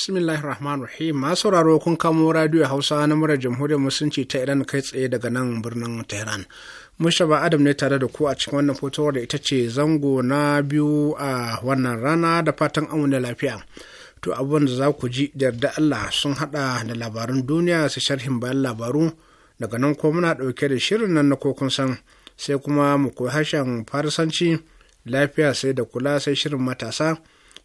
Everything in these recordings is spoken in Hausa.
bismillahir rahmanir rahim ma sauraro kun kamo radio hausa na murar jamhuriyar musulunci ta iran kai tsaye daga nan birnin tehran mushaba adam ne tare da ku a cikin wannan fotowar da ita ce zango na biyu a wannan rana da fatan amuna lafiya to abin da za ku ji da yarda allah sun hada da labarun duniya su sharhin bayan labaru daga nan ko muna dauke da shirin nan na kokun san sai kuma mu koyi harshen farisanci lafiya sai da kula sai shirin matasa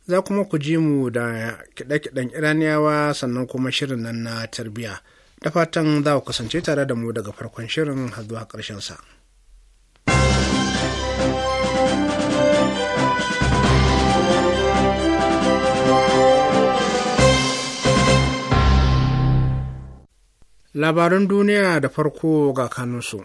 za kuma ku ji mu da kiɗe-kiɗen iraniyawa sannan kuma shirin nan na tarbiyya da fatan za ku kasance tare da mu daga farkon shirin har zuwa ƙarshen sa. Labaran duniya da farko ga kanunsu.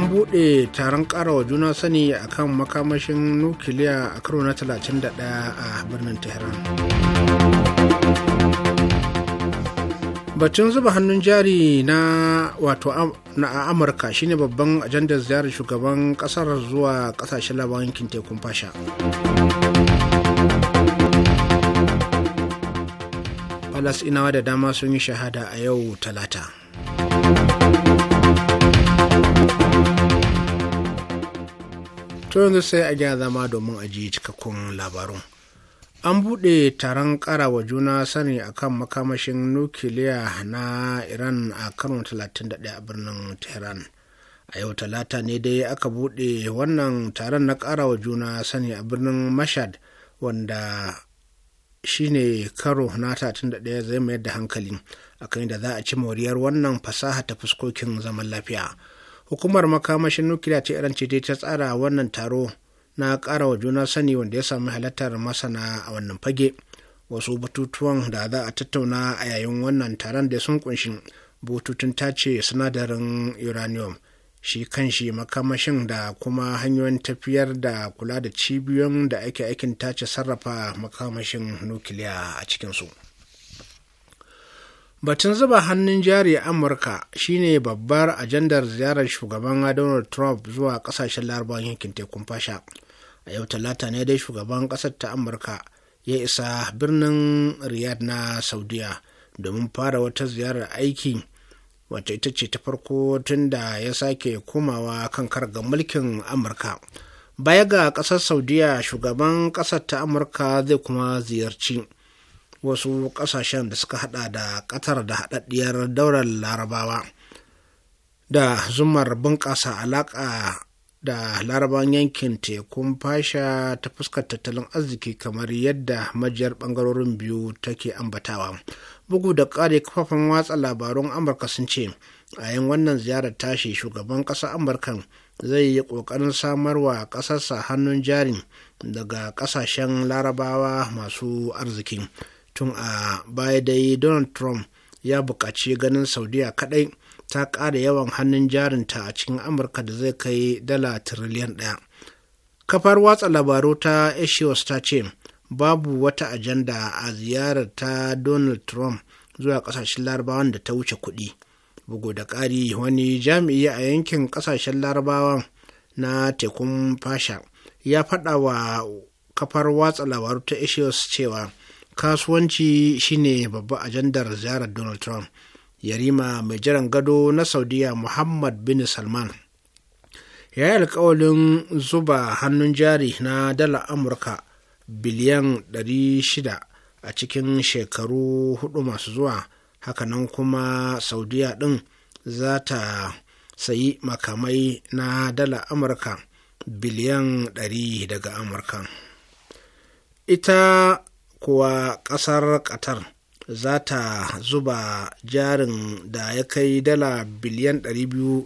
an buɗe taron ƙarawa juna sani a kan makamashin nukiliya a karo na 31 a birnin tehran batun zuba hannun jari na wato na a amurka shine babban ajandar ziyarar shugaban kasar zuwa kasashen labaran yankin tekun fasha inawa da dama sun yi shahada a yau talata to yanzu sai a gyara zama domin a ji cikakkun labarun an buɗe taron ƙarawa juna sani akan makamashin nukiliya na iran a kano 31 a birnin tehran a yau talata ne dai aka buɗe wannan taron na ƙarawa juna sani a birnin mashad wanda shine karo na 31 zai mayar da hankali akan da za a ci moriyar wannan fasaha ta fuskokin zaman lafiya hukumar makamashin nukiliya ta iran ce ta tsara wannan taro na kara wa juna sani wanda ya sami halartar masana a wannan fage wasu batutuwan da za a tattauna a yayin wannan taron da sun kunshi bututun tace sinadarin uranium shi kanshi makamashin da kuma hanyoyin tafiyar da kula da cibiyoyin da ake aikin tace sarrafa makamashin nukiliya a cikinsu. Batun zuba hannun jari a Amurka shine babbar ajandar ziyarar shugaban Donald Trump zuwa kasashen larabawan yankin tekun fasha. A yau talata ne dai shugaban ƙasar ta Amurka ya isa birnin Riyadh na Saudiya domin fara wata ziyarar aiki wacce ita ce ta farko tun da ya sake komawa kan karga mulkin Amurka. Baya ga ƙasar Saudiya shugaban ƙasar ta Amurka zai kuma ziyarci. wasu ƙasashen da suka hada da ƙatar da haɗaɗɗiyar daular larabawa da zumar bunƙasa alaƙa da laraban yankin tekun fasha ta fuskar tattalin arziki kamar yadda majiyar ɓangarorin biyu take ambatawa bugu da ƙari kafafen watsa labarun amurka sun ce a yin wannan ziyarar tashi shugaban ƙasar amurkan zai yi ƙoƙarin samarwa ƙasarsa hannun jarin daga ƙasashen larabawa masu arziki tun a baya dai donald trump ya buƙaci ganin saudiya kaɗai ta ƙara yawan hannun jarinta a cikin amurka da zai kai dala tiriliyan ɗaya kafar watsa labaru ta axios ta ce babu wata ajanda a ziyarar ta donald trump zuwa ƙasashen larabawan da ta wuce kuɗi bugu da ƙari wani jami'i a yankin ƙasashen larabawan na tekun fasha ya faɗa wa kafar watsa labaru ta axios cewa kasuwanci shine babba ajandar ziyarar donald trump yarima mai jiran gado na saudiya muhammad bin salman ya yi alkawalin zuba hannun jari na dala amurka biliyan 600 a cikin shekaru hudu masu zuwa hakanan kuma saudiya din za ta sayi makamai na dala amurka biliyan 100 daga amurka ita kuwa ƙasar qatar za ta zuba jarin da ya kai dala biliyan 200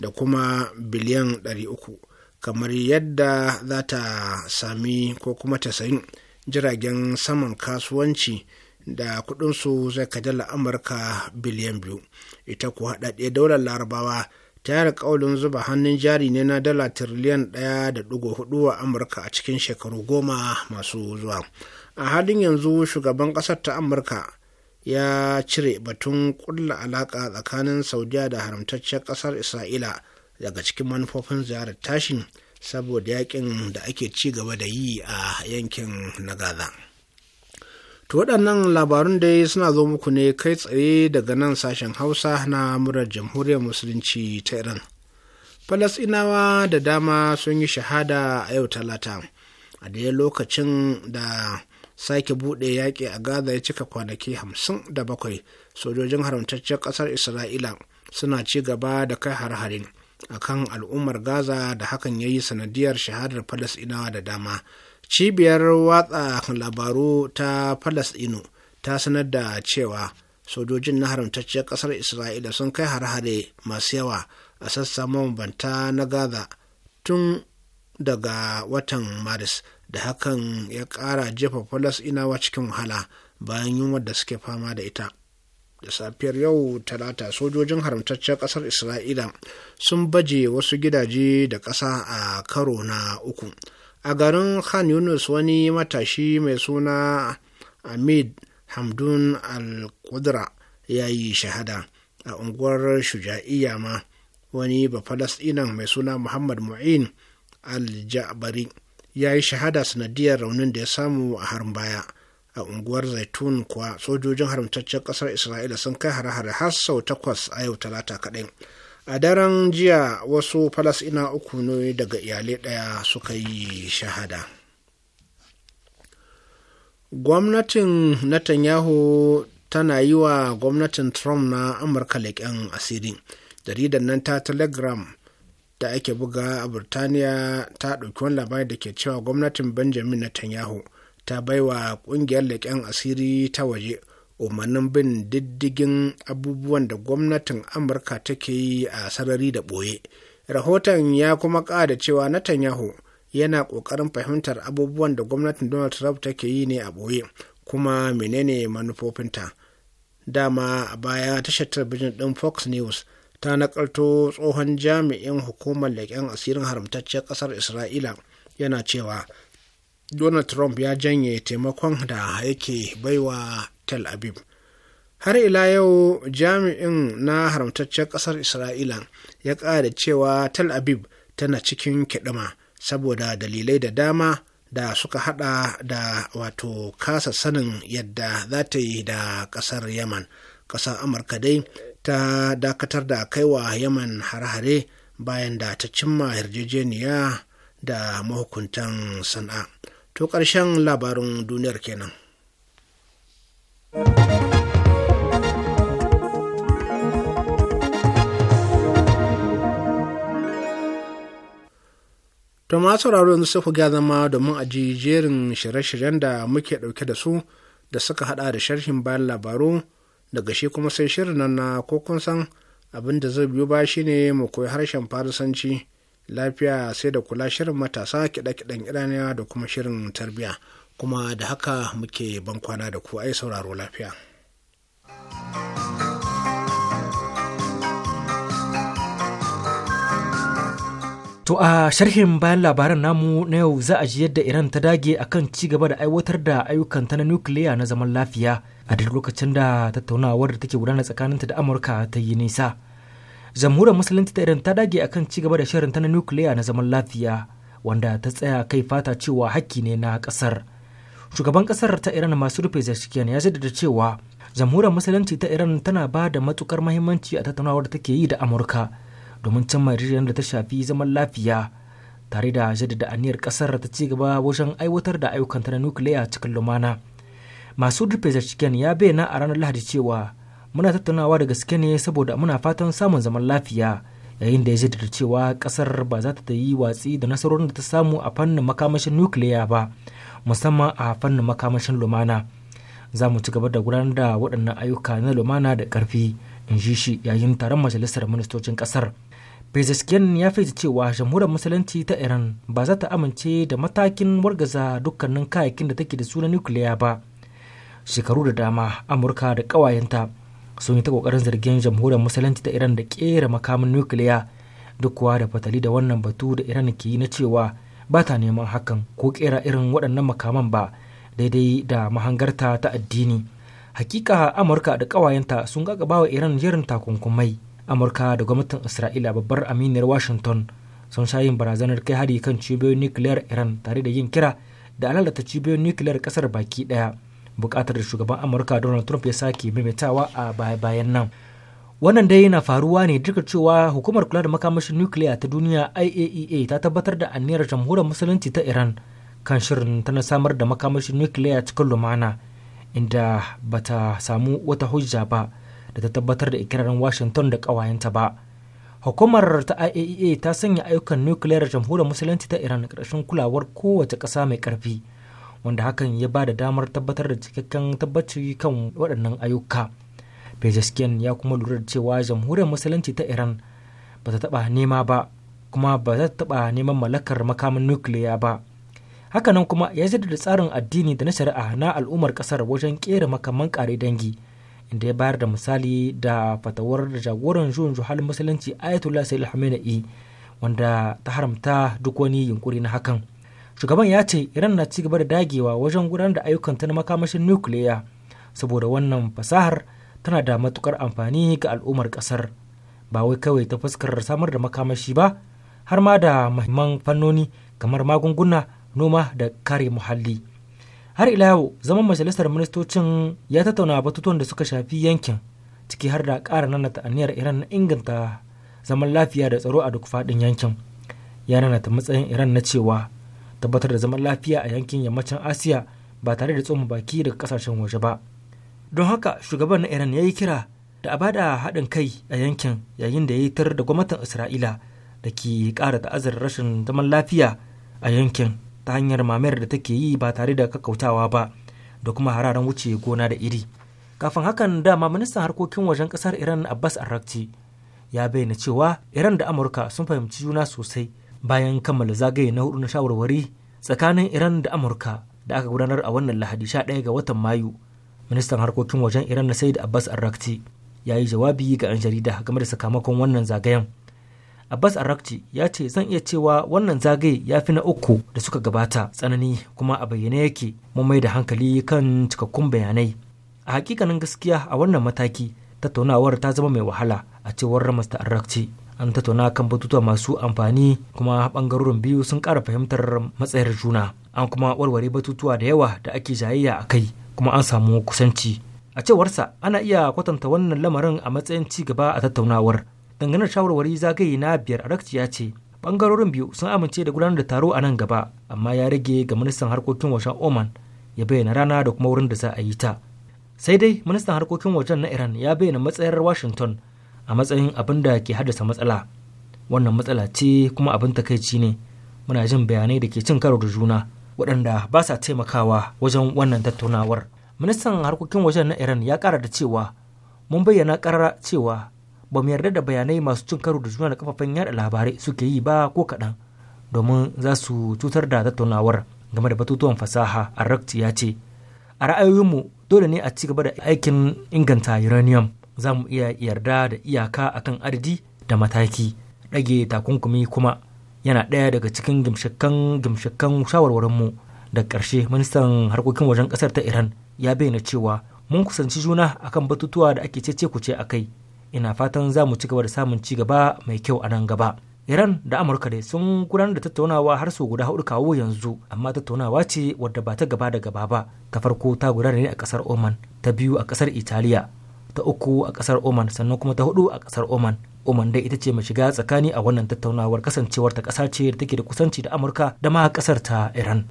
da kuma biliyan 300 kamar yadda za ta sami ko kuma ta sayi jiragen saman kasuwanci da kudinsu zai kai dala amurka biliyan biyu ita kuwa haɗaɗɗiyar daular larabawa ta yi kaulin zuba hannun jari ne na dala tiriliyan ɗaya da huɗu a amurka a cikin shekaru goma masu zuwa a halin yanzu shugaban ƙasar ta amurka ya cire batun ƙulla alaƙa tsakanin saudiya da haramtaccen ƙasar isra'ila daga cikin manufofin ziyarar tashin saboda yakin da ake ci gaba da yi a yankin na gaza to waɗannan labarun dai suna zo muku ne kai tsaye daga nan sashen hausa na murar jamhuriyar musulunci ta iran falasinawa da dama sun yi shahada a yau talata a daya lokacin da sake buɗe yaƙi a gaza ya cika kwanaki hamsin da bakwai sojojin haramtaccen ƙasar isra'ila suna ci gaba da kai har a kan al'ummar gaza da hakan ya yi sanadiyar shahadar falasɗinawa da dama cibiyar watsa labaru ta falasɗinu ta sanar da cewa sojojin na haramtacciyar ƙasar isra'ila sun kai har masu yawa a sassa mabambanta na gaza tun daga watan maris da hakan ya ƙara jefa falasɗinawa cikin wahala bayan yunwa da suke fama da ita da safiyar yau talata sojojin haramtaccen ƙasar isra'ila sun baje wasu gidaje da ƙasa a karo na uku a garin khan yunus wani matashi mai suna amid hamdun al-qudra ya yi shahada a unguwar shuja'iya ma wani bafalasɗinan mai suna muhammad mu'in al-jabari ya yi shahada sanadiyar raunin da ya samu a harin baya a unguwar zaitun kuwa sojojin haramtaccen kasar isra'ila sun kai hare-hare har sau takwas a yau talata kaɗai a daren jiya wasu falasina uku ne daga iyalai ɗaya suka yi shahada gwamnatin netanyahu tana yi wa gwamnatin trump na amurka leƙen asiri jaridar nan ta telegram da ake buga a Burtaniya ta ɗauki wani labari da ke cewa gwamnatin Benjamin Netanyahu ta baiwa ƙungiyar leƙen asiri ta waje umarnin bin diddigin abubuwan da gwamnatin Amurka take yi a sarari da ɓoye. Rahoton ya kuma ƙada cewa Netanyahu yana ƙoƙarin fahimtar abubuwan da gwamnatin Donald Trump take yi ne a ɓoye kuma menene manufofinta. Dama a baya tashar talabijin ɗin Fox News ta nakalto tsohon jami'in hukumar leƙen asirin haramtacciyar ƙasar isra'ila yana cewa donald trump ya janye taimakon da yake baiwa tel aviv har ila yau jami'in na haramtaccen ƙasar isra'ila ya ƙara cewa tel aviv tana cikin kiɗima saboda dalilai da dama da suka hada da wato kasa sanin yadda za ta yi da ƙasar yaman ƙasar amurka dai ta dakatar da kaiwa yaman har-hare bayan da ta cimma yarjejeniya da mahukuntan sana'a to ƙarshen labarin duniyar kenan to ma sauraro yanzu sai ku ga zama domin aji jerin shirye-shiryen da muke ɗauke da su da suka hada da sharhin bayan labaru daga shi kuma sai shirin nan na ko kun san abin da zai biyo ba ne mu koyi harshen farisanci lafiya sai da kula shirin matasa kiɗa-kiɗan iraniya da kuma shirin tarbiyya kuma da haka muke ban kwana da ku ai sauraro lafiya. To a sharhin bayan labaran namu na yau za a ji yadda Iran ta dage akan ci gaba da aiwatar da ayyukanta na nukiliya na zaman lafiya. a duk lokacin da tattaunawar da take gudana tsakaninta da amurka ta yi nisa jamhuriyar musulunci ta irin ta dage akan ci gaba da shirin ta na nukiliya na zaman lafiya wanda ta tsaya kai fata cewa hakki ne na ƙasar. shugaban kasar ta iran masu rufe zaskiyan ya jaddada cewa jamhuriyar musulunci ta iran tana ba da matukar mahimmanci a tattaunawar da take yi da amurka domin cimma yarjejeniyar da ta shafi zaman lafiya tare da jaddada aniyar kasar ta ci gaba wajen aiwatar da ayyukanta na nukiliya cikin lumana masu rufe zaciken ya bayyana a ranar lahadi cewa muna tattaunawa da gaske ne saboda muna fatan samun zaman lafiya yayin da ya da cewa kasar ba za ta yi watsi da nasarorin da ta samu a fannin makamashin nukiliya ba musamman a fannin makamashin lumana za mu ci gaba da gudanar da waɗannan ayyuka na lumana da ƙarfi in ji shi yayin taron majalisar ministocin ƙasar Pezeshkian ya fahimci cewa jamhuriyar musulunci ta Iran ba za ta amince da matakin wargaza dukkanin kayakin da take da su na nukiliya ba. shekaru da dama amurka da ƙawayenta sun yi ta kokarin zargin jamhuriyar musulunci ta iran da kera makamin nukiliya duk kuwa da fatali da wannan batu da iran ke yi na cewa ba ta neman hakan ko kera irin waɗannan makaman ba daidai da mahangarta ta addini hakika amurka da ƙawayenta sun gagaba wa iran jerin takunkumai amurka da gwamnatin isra'ila babbar aminiyar washington sun sha yin barazanar kai hari kan cibiyoyin nukiliyar iran tare da yin kira da alalata cibiyoyin nukiliyar kasar baki daya bukatar da shugaban amurka donald trump ya sake maimaitawa a baya-bayan nan wannan dai na faruwa ne duka cewa hukumar kula da makamashin nukiliya ta duniya iaea e ta tabbatar da aniyar jamhuriyar musulunci ta iran kan shirin ta samar da makamashin nukiliya cikin lumana inda bata samu wata hujja ba da ta tabbatar da ikirarin washington da kawayenta ba hukumar ta iaea e ta sanya ayyukan nukiliyar jamhuriyar musulunci ta iran ƙarshen kulawar kowace ƙasa mai ƙarfi wanda hakan ya ba da damar tabbatar da cikakken tabbaci kan waɗannan ayyuka pezeskian ya kuma lura da cewa jamhuriyar musulunci ta iran ba ta taɓa nema ba kuma ba za ta taɓa neman mallakar makamin nukiliya ba hakanan kuma ya jaddada tsarin addini da na shari'a na al'ummar ƙasar wajen ƙera makaman ƙare dangi inda ya bayar da misali da fatawar da jagoran juhun juhal musulunci ayatollah sayyid khamenei wanda ta haramta duk wani yunkuri na hakan shugaban ya ce iran na ci gaba da dagewa wajen gudanar da ayyukan ta na makamashin nukiliya saboda wannan fasahar tana da matukar amfani ga al'ummar kasar ba wai kawai ta fuskar samar da makamashi ba har ma da mahimman fannoni kamar magunguna noma da kare muhalli har ila yau zaman majalisar ministocin ya tattauna batutuwan da suka shafi yankin ciki har da ƙara nanata aniyar iran na inganta zaman lafiya da tsaro a duk faɗin yankin ya nanata matsayin iran na cewa tabbatar da zaman lafiya a yankin yammacin asiya ba tare da tsoma baki daga kasashen waje ba don haka shugaban na iran ya yi kira da a bada haɗin kai a yankin yayin da ya yi tar da gwamnatin isra'ila da ke ƙara ta'azar rashin zaman lafiya a yankin ta hanyar mamayar da take yi ba tare da kakkautawa ba da kuma hararen wuce gona da iri kafin hakan dama ministan harkokin wajen ƙasar iran abbas arrakci ya bayyana cewa iran da amurka sun fahimci juna sosai bayan kammala zagaye na hudu na shawarwari tsakanin iran da amurka da aka gudanar a wannan lahadi 11 ga watan mayu ministan harkokin wajen iran na said abbas arrakti ya yi jawabi ga 'yan jarida game da sakamakon wannan zagayen abbas arrakti ya ce zan iya cewa wannan zagaye ya fi na uku da suka gabata tsanani kuma a bayyane yake mun mai da hankali kan cikakkun bayanai a hakikanin gaskiya a wannan mataki tattaunawar ta zama mai wahala a cewar ramasta arrakti an tattauna kan batutuwa masu amfani kuma bangarorin biyu sun kara fahimtar matsayar juna an kuma warware batutuwa da yawa da ake jayayya a kai kuma an samu kusanci a cewarsa ana iya kwatanta wannan lamarin a matsayin ci gaba a tattaunawar dangane shawarwari zagaye na biyar arakciya ce bangarorin biyu sun amince da gudanar da taro a nan gaba amma ya rage ga ministan harkokin wajen oman ya bayyana rana da kuma wurin da za a yi ta sai dai ministan harkokin wajen na iran ya bayyana matsayar washington a matsayin abin da ke haddasa matsala wannan matsala ce kuma abin takaici ne muna jin bayanai da ke cin karo da juna waɗanda ba sa taimakawa wajen wannan tattaunawar ministan harkokin wajen na iran ya ƙara da cewa mun bayyana ƙarara cewa ba mu yarda da bayanai masu cin karo da juna da kafafen yada labarai suke yi ba ko kaɗan domin za su cutar da tattaunawar game da batutuwan fasaha rakti ya ce a ra'ayoyinmu dole ne a ci gaba da aikin inganta uranium za mu iya yarda da iyaka a kan adadi da mataki ɗage takunkumi kuma yana ɗaya daga cikin gimshikan shawarwarinmu da ƙarshe ministan harkokin wajen ƙasar ta iran ya bayyana cewa mun kusanci juna akan batutuwa da ake cece kuce a kai ina fatan za mu ci gaba da samun ci gaba mai kyau a nan gaba iran da amurka dai sun gudanar da tattaunawa har sau guda hudu kawo yanzu amma tattaunawa ce wadda ba ta gaba da gaba ba ta farko ta gudana ne a kasar oman ta biyu a ƙasar italiya ta uku a kasar oman sannan kuma ta hudu a kasar oman oman dai ita ce mai shiga tsakani a wannan tattaunawar kasancewar ta kasa ce da take da kusanci da amurka da ma kasar ta iran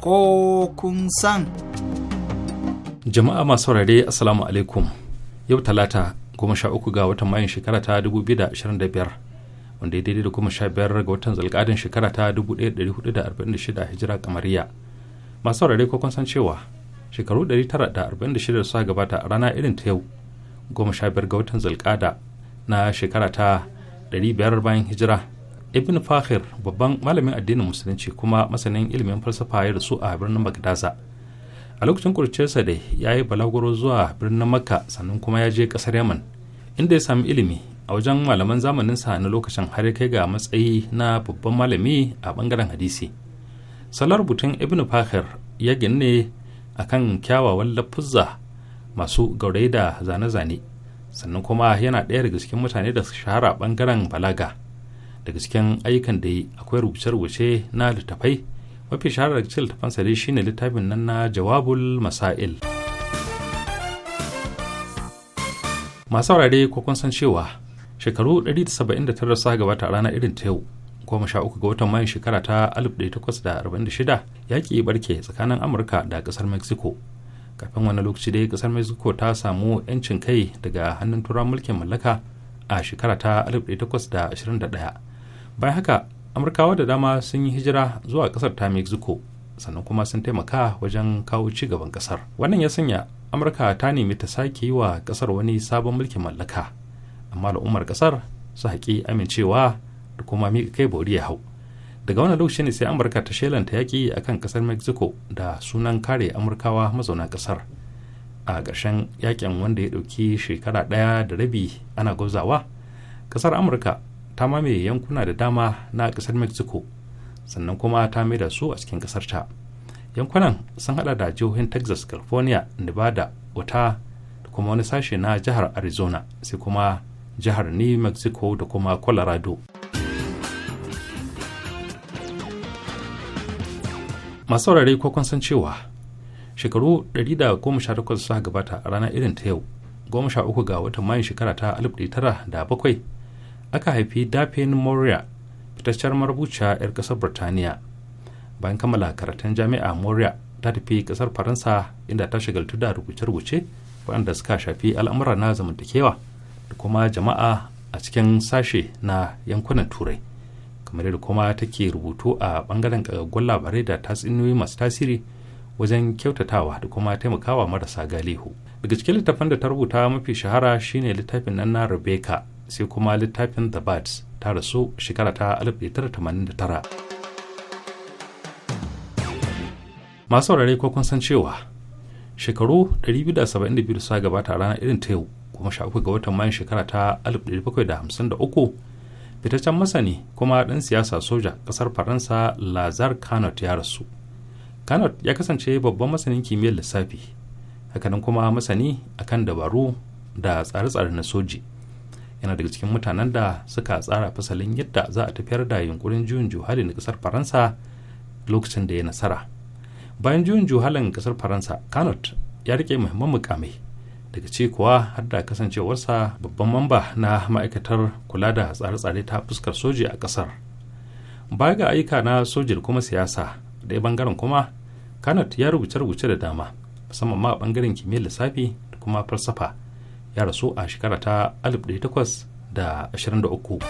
ko kun san. Jama'a masu saurare Assalamu alaikum. Yau Talata goma sha uku ga watan mayun shekara ta biyar wanda ya daidai da goma sha biyar ga watan zalkadin shekara ta dubu ɗaya da da hudu arba'in shida hijira kamariya masu saurare ko kun san cewa shekaru tara da arba'in da shida suka gabata a rana irin ta yau goma sha biyar ga watan zalkada na shekara ta biyar bayan hijira ibn fahir babban malamin addinin musulunci kuma masanin ilimin falsafa ya rasu a birnin magdaza. a lokacin kurcesa da ya yi balaguro zuwa birnin makka sannan kuma ya je kasar yaman inda ya sami ilimi a wajen malaman zamaninsa na lokacin har ya kai ga matsayi na babban malami a bangaren hadisi salar rubutun ibn fahir ya ginne a kan kyawawan lafuzza masu gaurai da zane-zane sannan kuma yana ɗaya daga cikin mutane da shahara bangaren balaga daga cikin ayyukan da akwai rubuce-rubuce na littafai mafi shaharar cikin sa dai shine littafin nan na jawabul masail masu wurare ko kun san cewa shekaru 179 sa gabata a ranar irin ta yau goma sha uku ga watan mayun shekara ta 1846 yaƙi barke tsakanin amurka da ƙasar mexico kafin wani lokaci dai ƙasar mexico ta samu 'yancin kai daga hannun turawan mulkin mallaka a shekara ta 1821 bayan haka amurkawa da dama sun yi hijira zuwa kasar ta mexico sannan kuma sun taimaka wajen kawo ci gaban kasar wannan ya sanya amurka ta nemi ta sake yi wa kasar wani sabon mulkin mallaka amma al'ummar kasar su haƙi amincewa da kuma miƙa kai bori ya hau daga wani lokaci ne sai amurka ta shelanta yaƙi a kan kasar mexico da sunan kare amurkawa mazauna kasar. a ƙarshen yaƙin wanda ya ɗauki shekara ɗaya da rabi ana gwazawa kasar amurka ta mamaye yankuna da dama na kasar mexico sannan kuma ta mai da su a cikin ƙasar ta yankunan sun hada da jihohin texas california nevada utah da kuma wani sashe na jihar arizona sai kuma jihar new mexico da kuma colorado masu saurari ko kun san cewa shekaru 118 suka gabata a ranar irin ta yau 13 ga watan mayun shekara ta 1907 aka haifi dafin moria fitaccen marubuciya 'yar kasar birtaniya bayan kammala karatun jami'a moria ta tafi kasar faransa inda ta shagaltu da rubuce-rubuce waɗanda suka shafi al'amura na zamantakewa da kuma jama'a a cikin sashe na yankunan turai kamar da kuma take rubutu a bangaren ƙagaggun labarai da tatsuniyoyi masu tasiri wajen kyautatawa da kuma taimakawa marasa galihu daga cikin littafin da ta rubuta mafi shahara shine littafin nan na rebecca sai kuma littafin the bats ta rasu shekara ta 1989 masu saurare ko kun san cewa shekaru 272 sa gabata ranar irin ta yau kuma sha ga watan mayan shekara ta 1753 fitaccen masani kuma ɗan siyasa soja ƙasar faransa lazar canot ya rasu canot ya kasance babban masanin kimiyyar lissafi hakanan kuma masani akan dabaru da tsare-tsare na soji yana daga cikin mutanen da suka tsara fasalin yadda za a tafiyar da yunkurin juyin juhali na kasar faransa lokacin da ya nasara bayan juyin juhalin kasar faransa kanot ya rike muhimman mukamai daga ce har da kasancewarsa babban mamba na ma'aikatar kula da tsare-tsare ta fuskar soji a kasar baya ga ayyuka na sojin da kuma siyasa da bangaren kuma kanot ya rubuce-rubuce da dama musamman ma a bangaren kimiyyar lissafi da kuma falsafa ya rasu a shekara ta 1823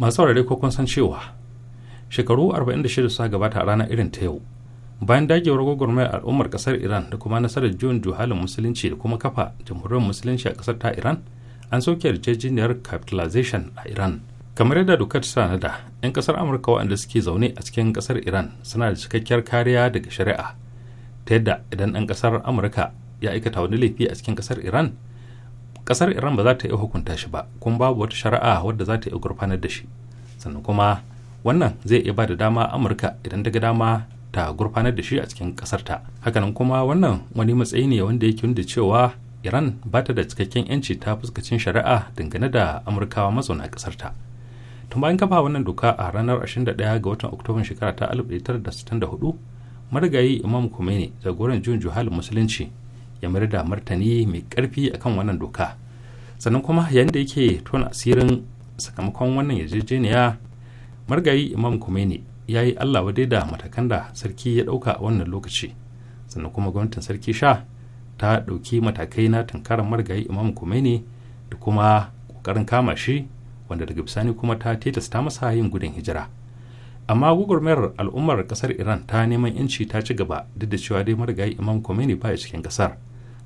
masu saurare ko kun san cewa shekaru 46 suka gabata a ranar irin ta yau bayan dagewar gwagwarmayar al'ummar kasar iran da kuma nasarar juyin juhalin musulunci da kuma kafa jamhuriyar musulunci a kasar ta iran an soke yarjejeniyar capitalization a iran kamar yadda dokar ta da 'yan kasar amurka waɗanda suke zaune a cikin kasar iran suna da cikakkiyar kariya daga shari'a ta yadda idan ɗan kasar amurka ya aikata wani laifi a cikin kasar iran kasar iran ba za ta iya hukunta shi ba kuma babu wata shari'a wadda za ta iya gurfanar da shi sannan kuma wannan zai iya ba da dama amurka idan daga dama ta gurfanar da shi a cikin kasar ta hakanan kuma wannan wani matsayi ne wanda yake nuna cewa iran ba ta da cikakken yanci ta fuskacin shari'a dangane da amurkawa mazauna kasar ta tun bayan kafa wannan doka a ranar 21 ga watan oktoban shekara ta 1964 marigayi imam khomeini jagoran juyin juhalin musulunci ya mayar da martani mai karfi akan wannan doka sannan kuma yayin da yake tona asirin sakamakon wannan yarjejeniya margayi imam kumeni ya yi allah wadai da matakan da sarki ya dauka a wannan lokaci sannan kuma gwamnatin sarki sha ta dauki matakai na tunkarar margayi imam kumeni da kuma kokarin kama shi wanda daga bisani kuma ta tilasta masa yin gudun hijira amma gugurmayar al'ummar kasar iran ta neman yanci ta ci gaba duk da cewa dai marigayi imam khomeini baya cikin kasar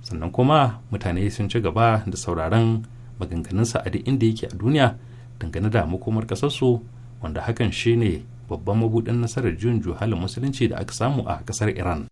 sannan kuma mutane sun ci gaba da sauraron maganganunsa a duk inda yake a duniya dangane da makomar kasarsu wanda hakan shine babban mabuɗin nasarar juyin juhalin musulunci da aka samu a ƙasar iran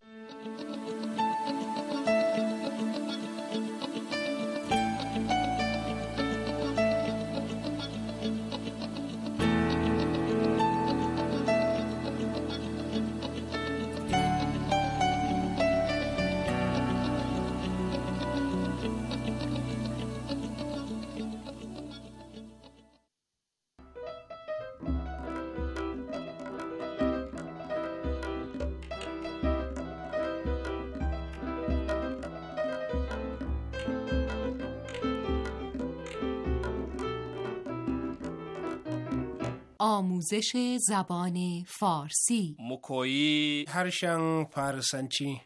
آموزش زبان فارسی مکویی هرشن فارسنچی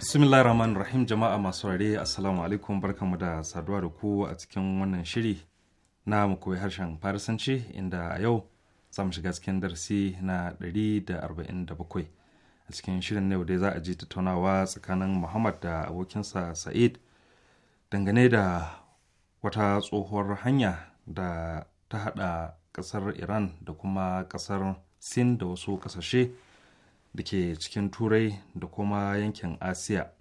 bismillah rahim jama'a masu ware assalamu alaikum barkamu da saduwa ku a cikin wannan shiri na mu koyi harshen farisanci inda a yau za shiga cikin darasi na 147 a cikin shirin na yau dai za a ji tattaunawa tsakanin muhammad da abokinsa sa'id dangane da wata tsohuwar hanya da ta haɗa ƙasar iran da kuma ƙasar sin da wasu ƙasashe da ke cikin turai da kuma yankin asiya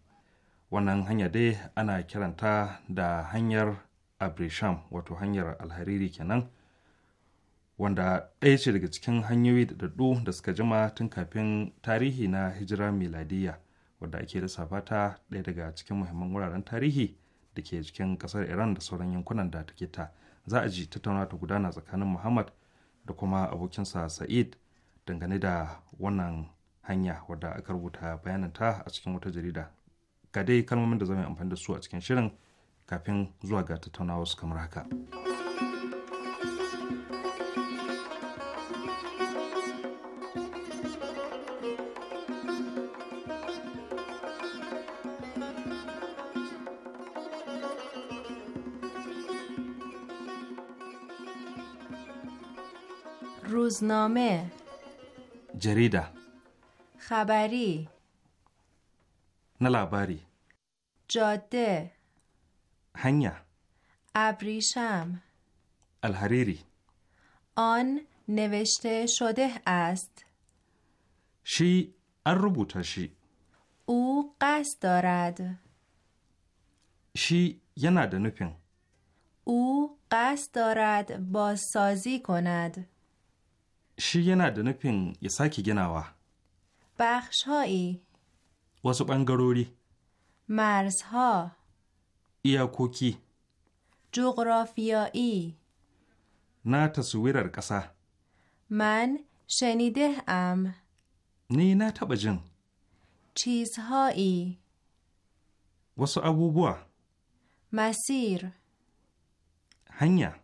wannan hanya dai ana kiranta da hanyar abrisham wato hanyar alhariri kenan wanda ɗaya ce daga cikin hanyoyi da daɗu da suka jima tun kafin tarihi na hijira miladiyya wadda ake lissafa ta ɗaya daga cikin muhimman wuraren tarihi da ke cikin kasar iran da sauran yankunan da take ta za a ji tattauna ta gudana tsakanin muhammad da kuma abokinsa sa'id dangane da wannan hanya wadda aka rubuta bayananta a cikin wata jarida ga dai kalmomin da zama amfani da su a cikin shirin kafin zuwa ga tattaunawa su kamar haka. نامه جریده خبری نلاباری جاده هنیا ابریشم الحریری آن نوشته شده است شی الربوتشی او قصد دارد شی یه نده او قصد دارد بازسازی کند shi yana da nufin ya sake ginawa. Bakhshai Wasu ɓangarori. Marzha Iyakoki. Jughrafiyai Na taswirar ƙasa. Man shanidah am. Ni na taɓa jin. چیزهایی Wasu abubuwa. Masir. Hanya.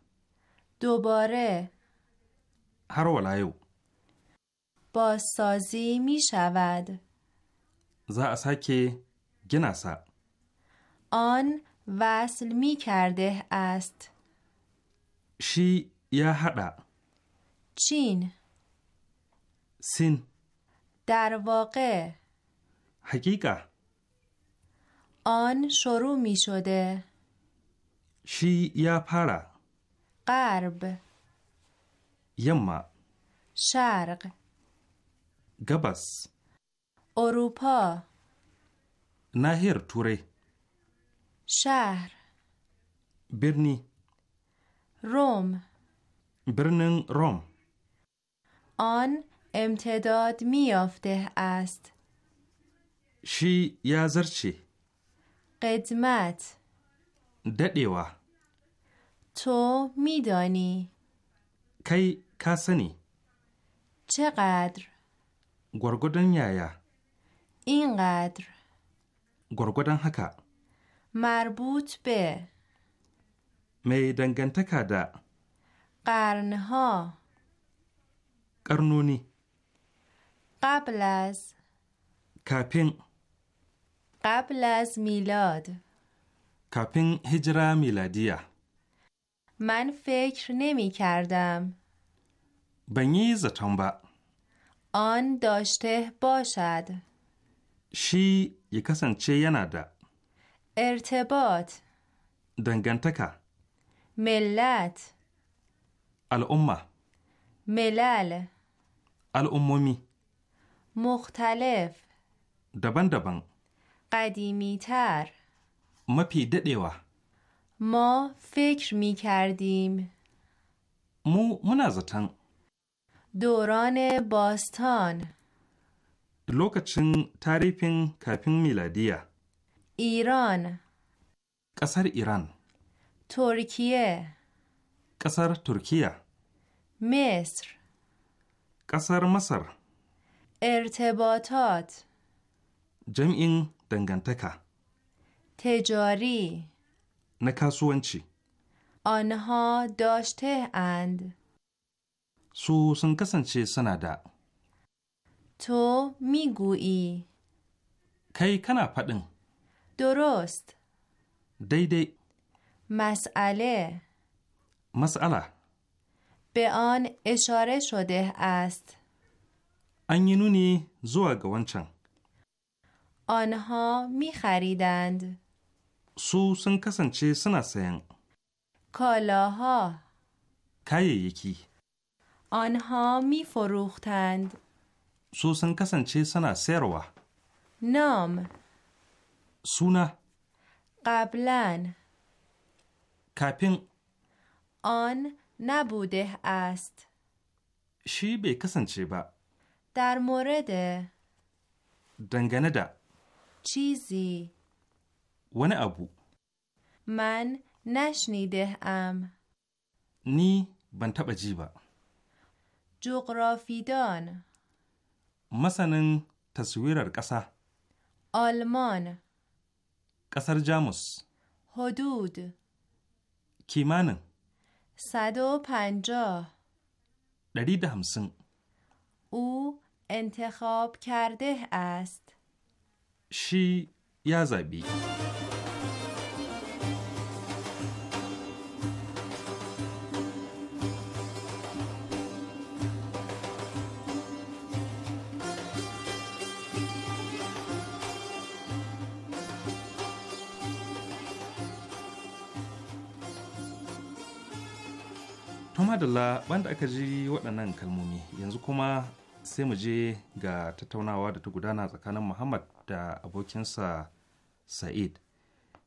دوباره هر ولا با بازسازی می شود زا اساکی گناسا آن وصل می کرده است شی یا هدا چین سین در واقع حقیقه آن شروع می شده شی یا پارا غرب یما شرق گبس اروپا نهر توره شهر برنی روم برنن روم آن امتداد میافته است شی یازرچی قدمت ددیوه تو میدانی kai ka sani Ce chaqadr gwargwadon yaya In inqadr gwargwadon haka marbut be mai dangantaka da qarnha karnoni qablas kafin qablas milad kafin hijira miladiyya من فکر نمی کردم بنی زتون آن داشته باشد شی یکسن چه نده؟ ارتباط دنگنتکا ملت الامه ملل الامومی مختلف دبن دبن قدیمی تر مپی ما فکر می کردیم مو منازتن دوران باستان لوکچن تاریپین کپین میلادیا ایران قصر ایران ترکیه قصر ترکیه مصر قصر مصر ارتباطات جمعین دنگنتکه تجاری na kasuwanci. Anha dashte and. Su sun kasance suna da. To migui. Kai kana faɗin. Dorost. Daidai. Mas'ale. Mas'ala. Be an ishare shode ast. An yi nuni zuwa ga wancan. آنها می خریدند. su sun kasance suna sayan. Kalaha. Kayayyaki. Anha mi furuhtand. Su sun kasance suna sayarwa. Nam. Suna. Qablan. Kafin. An nabudeh ast. Shi bai kasance ba. Dar morede. Dangane da. Cheesy. wani abu. Man نشنیده am. Ni ban taɓa ji ba. Geografidon. Masanin taswirar ƙasa. Alman. Ƙasar Jamus. Hudud. Kimanin. Sado panja. Ɗari da hamsin. U انتخاب کرده است. Shi ya zaɓi. madalla banda aka ji waɗannan kalmomi yanzu kuma sai mu je ga tattaunawa da ta gudana tsakanin muhammad da abokinsa sa'id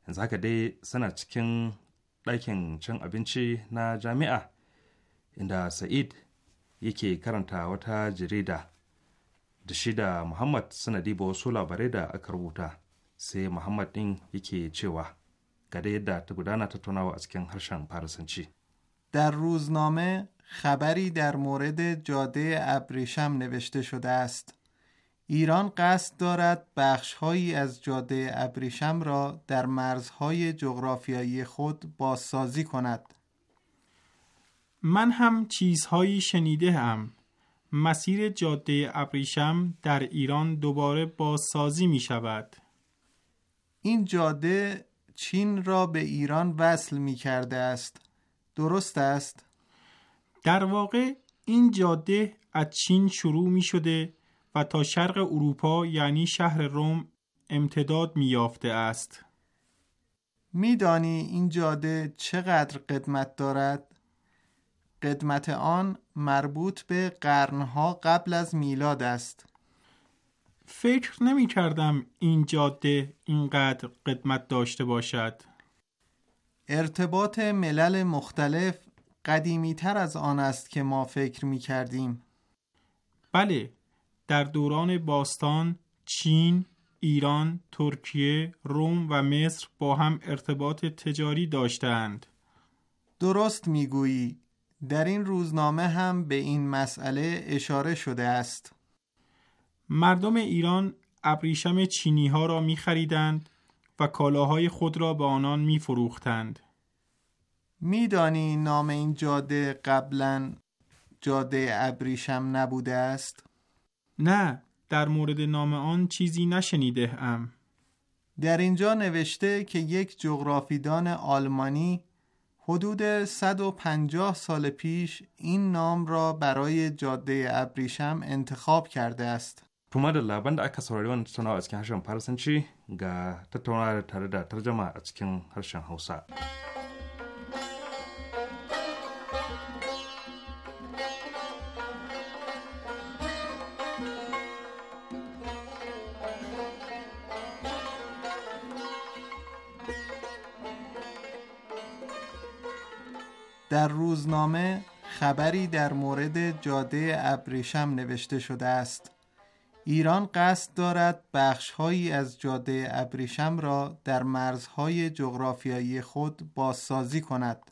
yanzu haka dai suna cikin ɗakin cin abinci na jami'a inda sa'id yake karanta wata jarida da shi da muhammad suna diba wasu labarai da aka rubuta sai muhammad ɗin yake cewa ga yadda ta gudana tattaunawa a cikin harshen farisanci در روزنامه خبری در مورد جاده ابریشم نوشته شده است ایران قصد دارد بخشهایی از جاده ابریشم را در مرزهای جغرافیایی خود بازسازی کند من هم چیزهایی شنیده هم. مسیر جاده ابریشم در ایران دوباره بازسازی می شود. این جاده چین را به ایران وصل می کرده است. درست است؟ در واقع این جاده از چین شروع می شده و تا شرق اروپا یعنی شهر روم امتداد می یافته است. میدانی این جاده چقدر قدمت دارد؟ قدمت آن مربوط به قرنها قبل از میلاد است. فکر نمی کردم این جاده اینقدر قدمت داشته باشد. ارتباط ملل مختلف قدیمی تر از آن است که ما فکر می کردیم. بله، در دوران باستان، چین، ایران، ترکیه، روم و مصر با هم ارتباط تجاری داشتند. درست می گویی، در این روزنامه هم به این مسئله اشاره شده است. مردم ایران ابریشم چینی ها را می خریدند و کالاهای خود را به آنان می فروختند. میدانی نام این جاده قبلا جاده ابریشم نبوده است؟ نه در مورد نام آن چیزی نشنیده ام. در اینجا نوشته که یک جغرافیدان آلمانی حدود 150 سال پیش این نام را برای جاده ابریشم انتخاب کرده است. تو لبند laban da که saurari ga tattaunawa tare da tarjama a cikin harshen hausa در روزنامه خبری در مورد جاده ابریشم نوشته شده است ایران قصد دارد بخشهایی از جاده ابریشم را در مرزهای جغرافیایی خود بازسازی کند.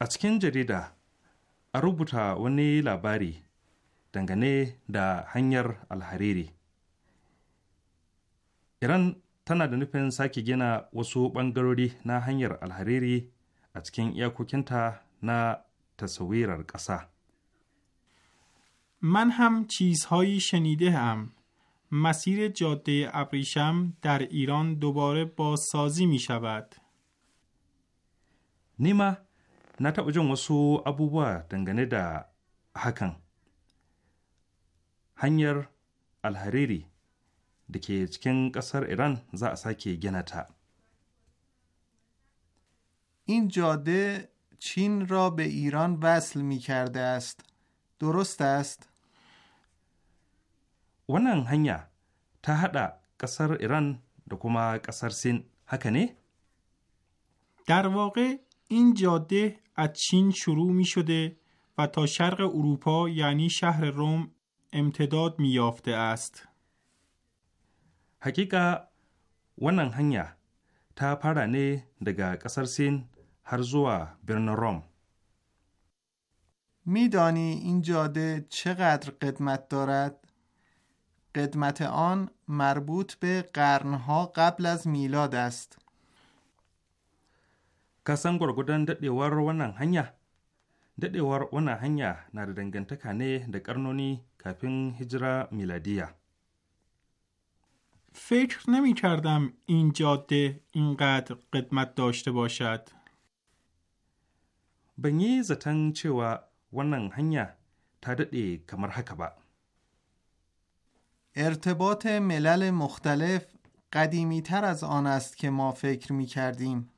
از کن جدیده اروبوتا و نیلا باری دنگنه دا هنگر الحریری ایران تنها دنی پین ساکی گینا و سو بانگرودی نا هنگر الحریری از کن یا کوکنتا نا تصویر من هم چیزهایی شنیده هم مسیر جاده ابریشم در ایران دوباره بازسازی می شود. نیما نتا taɓa واسو wasu abubuwa دنگنه حکن. حکن hanyar الحریری da قصر ایران ایران زا za این جاده چین را به ایران وصل می کرده است. درست است؟ wannan hanya ta haɗa ƙasar ایران da kuma ƙasar Sin haka ne? در واقع این جاده از چین شروع می شده و تا شرق اروپا یعنی شهر روم امتداد می یافته است. حقیقه wannan hanya ta fara ne daga ƙasar Sin har zuwa birnin Rome. میدانی این جاده چقدر قدمت دارد؟ قدمت آن مربوط به قرنها قبل از میلاد است. کسان گرگودن دت دیوار ونان هنیا دت دیوار ونان هنیا نردنگن تکانه دکرنونی کپن هجرا میلادیا فکر نمی کردم این جاده اینقدر قدمت داشته باشد. بنیه زتن چه و ونان هنیا تا دت دی کمرحکبا. ارتباط ملل مختلف قدیمی تر از آن است که ما فکر می کردیم.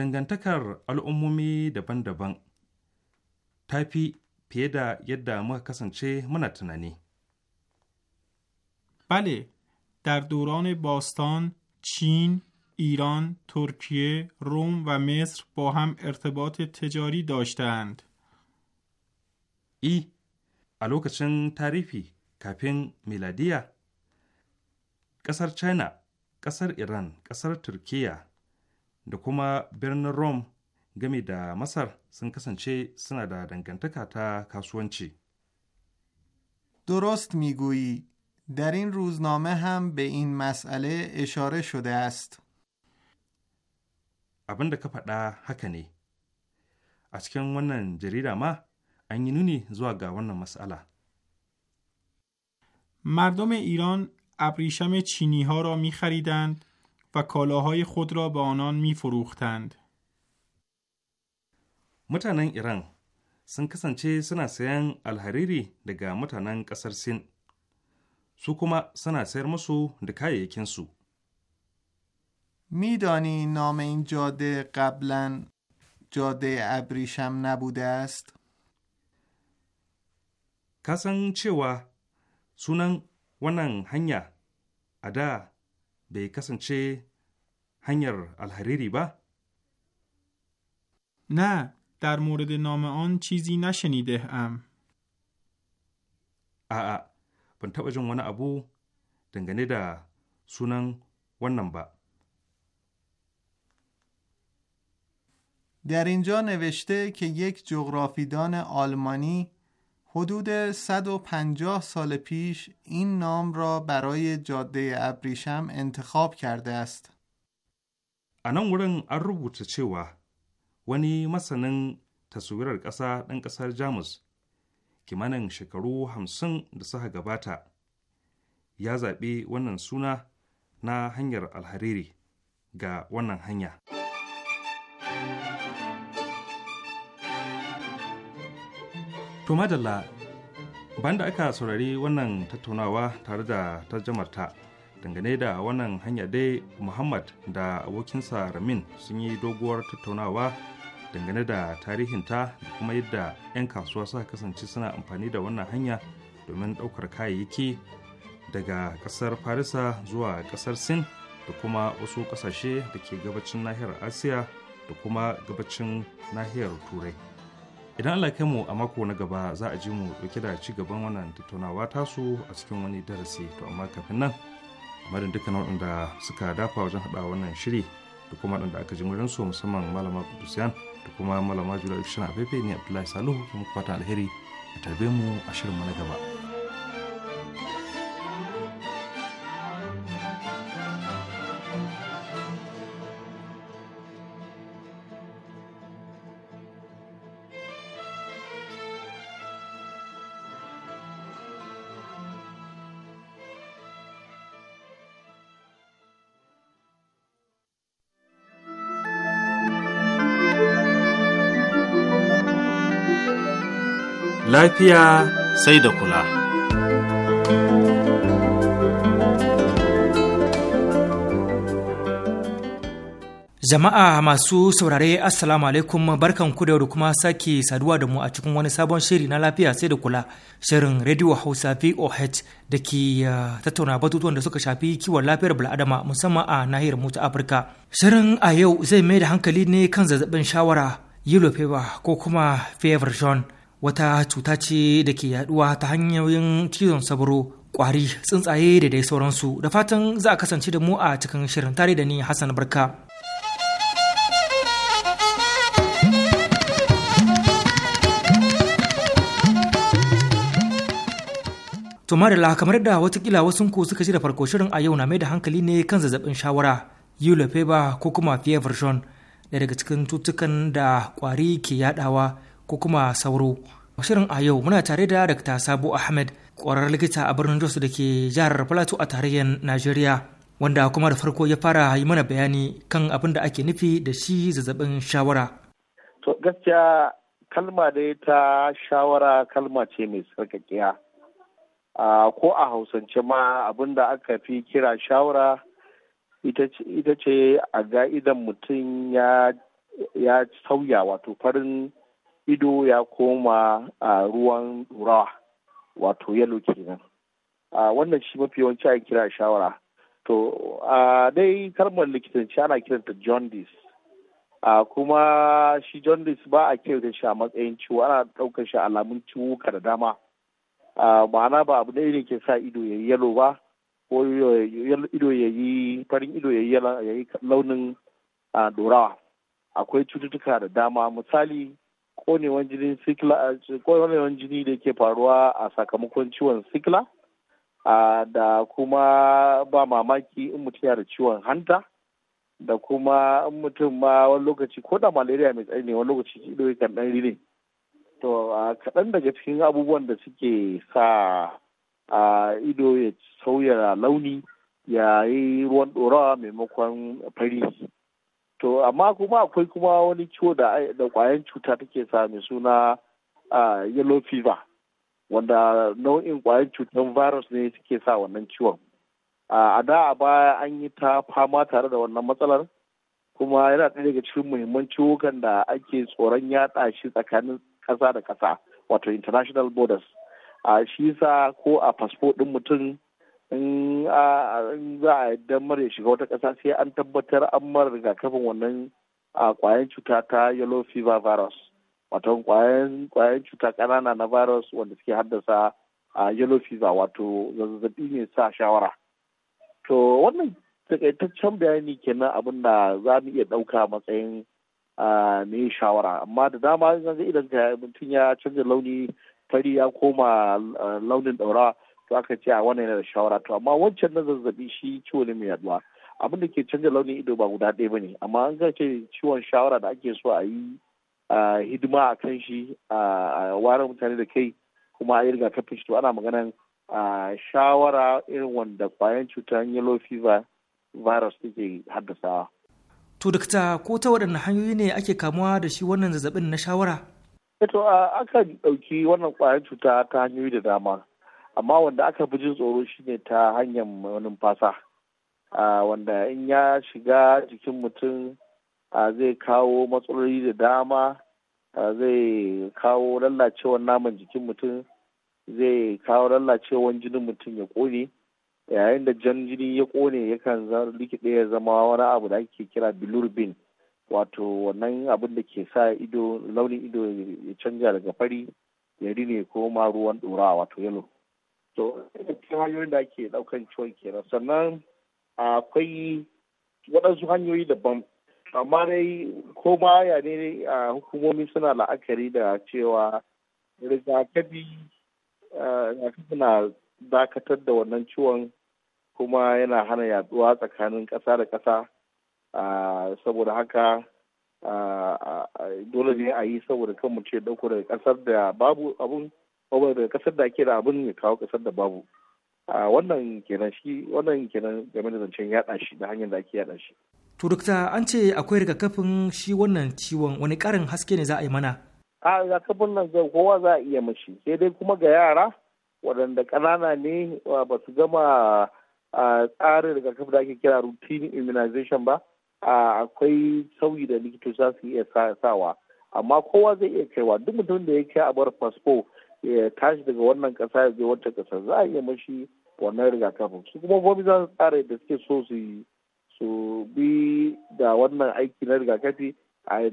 dangantakar al'ummomi daban-daban ta fi fiye da yadda muka بله در دوران باستان چین، ایران، ترکیه، روم و مصر با هم ارتباط تجاری داشتند. ای a تریفی. kafin miladiya? Ƙasar China, ƙasar Iran, ƙasar Turkiyya da kuma birnin Rome game da Masar sun kasance suna da dangantaka ta kasuwanci. Durost Migoyi: darin این ham be in mas'ale مسئله shude ast. abin da ka faɗa haka ne a cikin wannan jarida ma an yi nuni zuwa ga wannan mas'ala مردم ایران ابریشم چینی ها را می خریدند و کالاهای خود را به آنان می فروختند. متنان ایران sun سنا سیان الحریری دگا متنان mutanen سین سو کما سنا سیر مسو دکای میدانی نام این جاده قبلا جاده ابریشم نبوده است؟ کسان چوا سونان ونن هنیا ادا به کسنچه هنیر الحریری با؟ نه در مورد نام آن چیزی نشنیده ام آآ ban taɓa ونه ابو دنگنه dangane da sunan wannan در اینجا نوشته که یک جغرافیدان آلمانی حدود 150 سال پیش این نام را برای جاده ابریشم انتخاب کرده است. A nan wurin an rubuta cewa wani masanin taswirar ƙasa ɗan ƙasar Jamus kimanin shekaru hamsin da suka gabata ya zaɓi wannan suna na hanyar alhariri ga wannan hanya. To madalla banda aka saurari wannan tattaunawa tare da tarjamarta dangane da wannan hanya dai Muhammad da abokinsa Ramin sun yi doguwar tattaunawa dangane da tarihinta da kuma yadda 'yan kasuwa suka kasance suna amfani da wannan hanya domin ɗaukar kayayyaki daga ƙasar Farisa zuwa ƙasar Sin da kuma wasu ƙasashe da ke gabacin nahiyar Asiya da kuma gabacin nahiyar Turai. idan allah kai mu a mako na gaba za a ji mu dauke da ci gaban wannan tattaunawa tasu a cikin wani darasi to amma kafin nan amarin dukkan waɗanda suka dafa wajen haɗa wannan shiri da kuma waɗanda aka ji murin su musamman malama kudusiyan da kuma malama jula ifshin afefe ne abdullahi saluhu kuma fatan alheri a tarbe mu a shirin mu na gaba. lafiya sai da kula. Jama'a masu saurare Assalamu alaikum barkanku da kuma sake saduwa da mu a cikin wani sabon shiri na lafiya sai da kula shirin Radio Hausa VOH da ke uh, tattauna batutuwan da suka shafi kiwon lafiyar bil'adama musamman a nahiyar mu ta Afirka. Shirin a yau zai mai da hankali ne kan zazzabin shawara yellow fever ko kuma fever zone wata cuta ce da ke yaduwa ta hanyoyin cizon sabro kwari tsuntsaye da dai sauransu da fatan za a kasance da mu a cikin shirin tare da ni hassan barka to marila kamar da watakila wasu ku suka ji da farko shirin a yau na mai da hankali ne kan zazzabin shawara yule ko kuma fever da daga cikin tutukan da kwari ke yadawa ko kuma sauro. Shirin a yau muna tare da Dr. Sabo Ahmed, ƙwararren likita a birnin Jos da ke jihar Plateau a tarayyar Najeriya, wanda kuma da farko ya fara yi mana bayani kan abin da ake nufi da shi zazzabin shawara. To gaskiya kalma dai ta shawara kalma ce mai a ko a hausance ma abin da aka fi kira shawara ita ce a ga'idan mutum ya sauya wato farin ido ya koma a ruwan rawa wato yalo kenan a wannan shi mafi yawanci a kira shawara to a dai kalmar likitanci ana kiranta jaundice a kuma shi jaundice ba a kiranta shi a matsayin ciwo ana ɗaukar shi alamun ciwuka da dama a ma'ana ba abu ne ke sa ido ya yi yalo ba ko ido ya yi farin ido ya yi launin dorawa akwai cututtuka da dama misali konewan jinin sikla konewan jini da ke faruwa a sakamakon ciwon sikla da kuma ba mamaki in mutum yana da ciwon hanta da kuma in mutum ma wani lokaci ko da malaria mai tsayi ne wani lokaci ido kan dan rine to kaɗan daga cikin abubuwan da suke sa ido ya sauya launi ya yi ruwan ɗorawa maimakon fari to amma kuma akwai kuma wani ciwo da kwayan cuta take sa mai suna yellow fever wanda nau'in kwayan cutar virus ne suke sa wannan ciwon a da a baya an yi ta fama tare da wannan matsalar kuma yana ɗaya daga cikin muhimman ciwukan da ake tsoron yaɗa shi tsakanin ƙasa da ƙasa wato international borders a shi sa ko a fasfo ɗin mutum in za a yadda mara shiga wata ƙasa sai an tabbatar an mara rigakafin wannan a kwayan cuta ta yellow fever virus wato kwayan cuta ƙanana na virus wanda suke haddasa a yellow fever wato zazzabi ne sa shawara to wannan takaitaccen bayani kenan abin da za mu iya ɗauka matsayin ne shawara amma da dama idan mutum ya canza launi fari ya koma launin ɗaurawa to aka ce a wannan yana da shawara to amma wancan na zazzabi shi ciwo ne mai yaduwa abin da ke canza launin ido ba guda ɗaya bane amma an ga ce ciwon shawara da ake so a yi hidima a kan shi a ware mutane da kai kuma a yi rigakafin shi to ana maganan shawara irin wanda kwayan cutar yellow fever virus take haddasawa. To dakta ko ta waɗanne hanyoyi ne ake kamuwa da shi wannan zazzabin na shawara? Eh to aka ɗauki wannan kwayan cuta ta hanyoyi da dama. amma wanda aka fi jin tsoro shine ta hanyar numfasa wanda in ya shiga jikin mutum zai kawo matsaloli da dama zai kawo lallacewar naman jikin mutum zai kawo lallacewar jinin mutum ya kone yayin da jan jini ya ƙone yakan likita ya zama wani abu da ake kira bilirubin wato wannan abin da ke sa ido launin ido ya canja daga fari ya rine koma ruwan ɗorawa wato yalo to cikin hanyoyin da ake daukan ciwon kenan sannan akwai waɗansu hanyoyi daban amma dai ko ma ya ne hukumomi suna la'akari da cewa rigakafi na dakatar da wannan ciwon kuma yana hana yaduwa tsakanin ƙasa da ƙasa saboda haka dole ne a yi saboda kan mu ce dauko daga ƙasar da babu abun kuma daga kasar da ake da abin ya kawo kasar da babu a wannan kenan shi wannan kenan game da zancen yaɗa shi da hanyar da ake yaɗa shi to dokta an ce akwai rigakafin shi wannan ciwon wani karin haske ne za a yi mana a rigakafin nan zai kowa za a iya mashi sai dai kuma ga yara waɗanda ƙanana ne ba su gama tsarin rigakafin da ake kira routine immunization ba akwai sauyi da likitoci za su iya sawa amma kowa zai iya kaiwa duk mutum da ya kai a bar fasfo ya tashi daga wannan kasa ya je wata ƙasa za a yi mashi wannan rigakafin su kuma gobe za su tsara da suke so su yi su bi da wannan aiki na rigakafi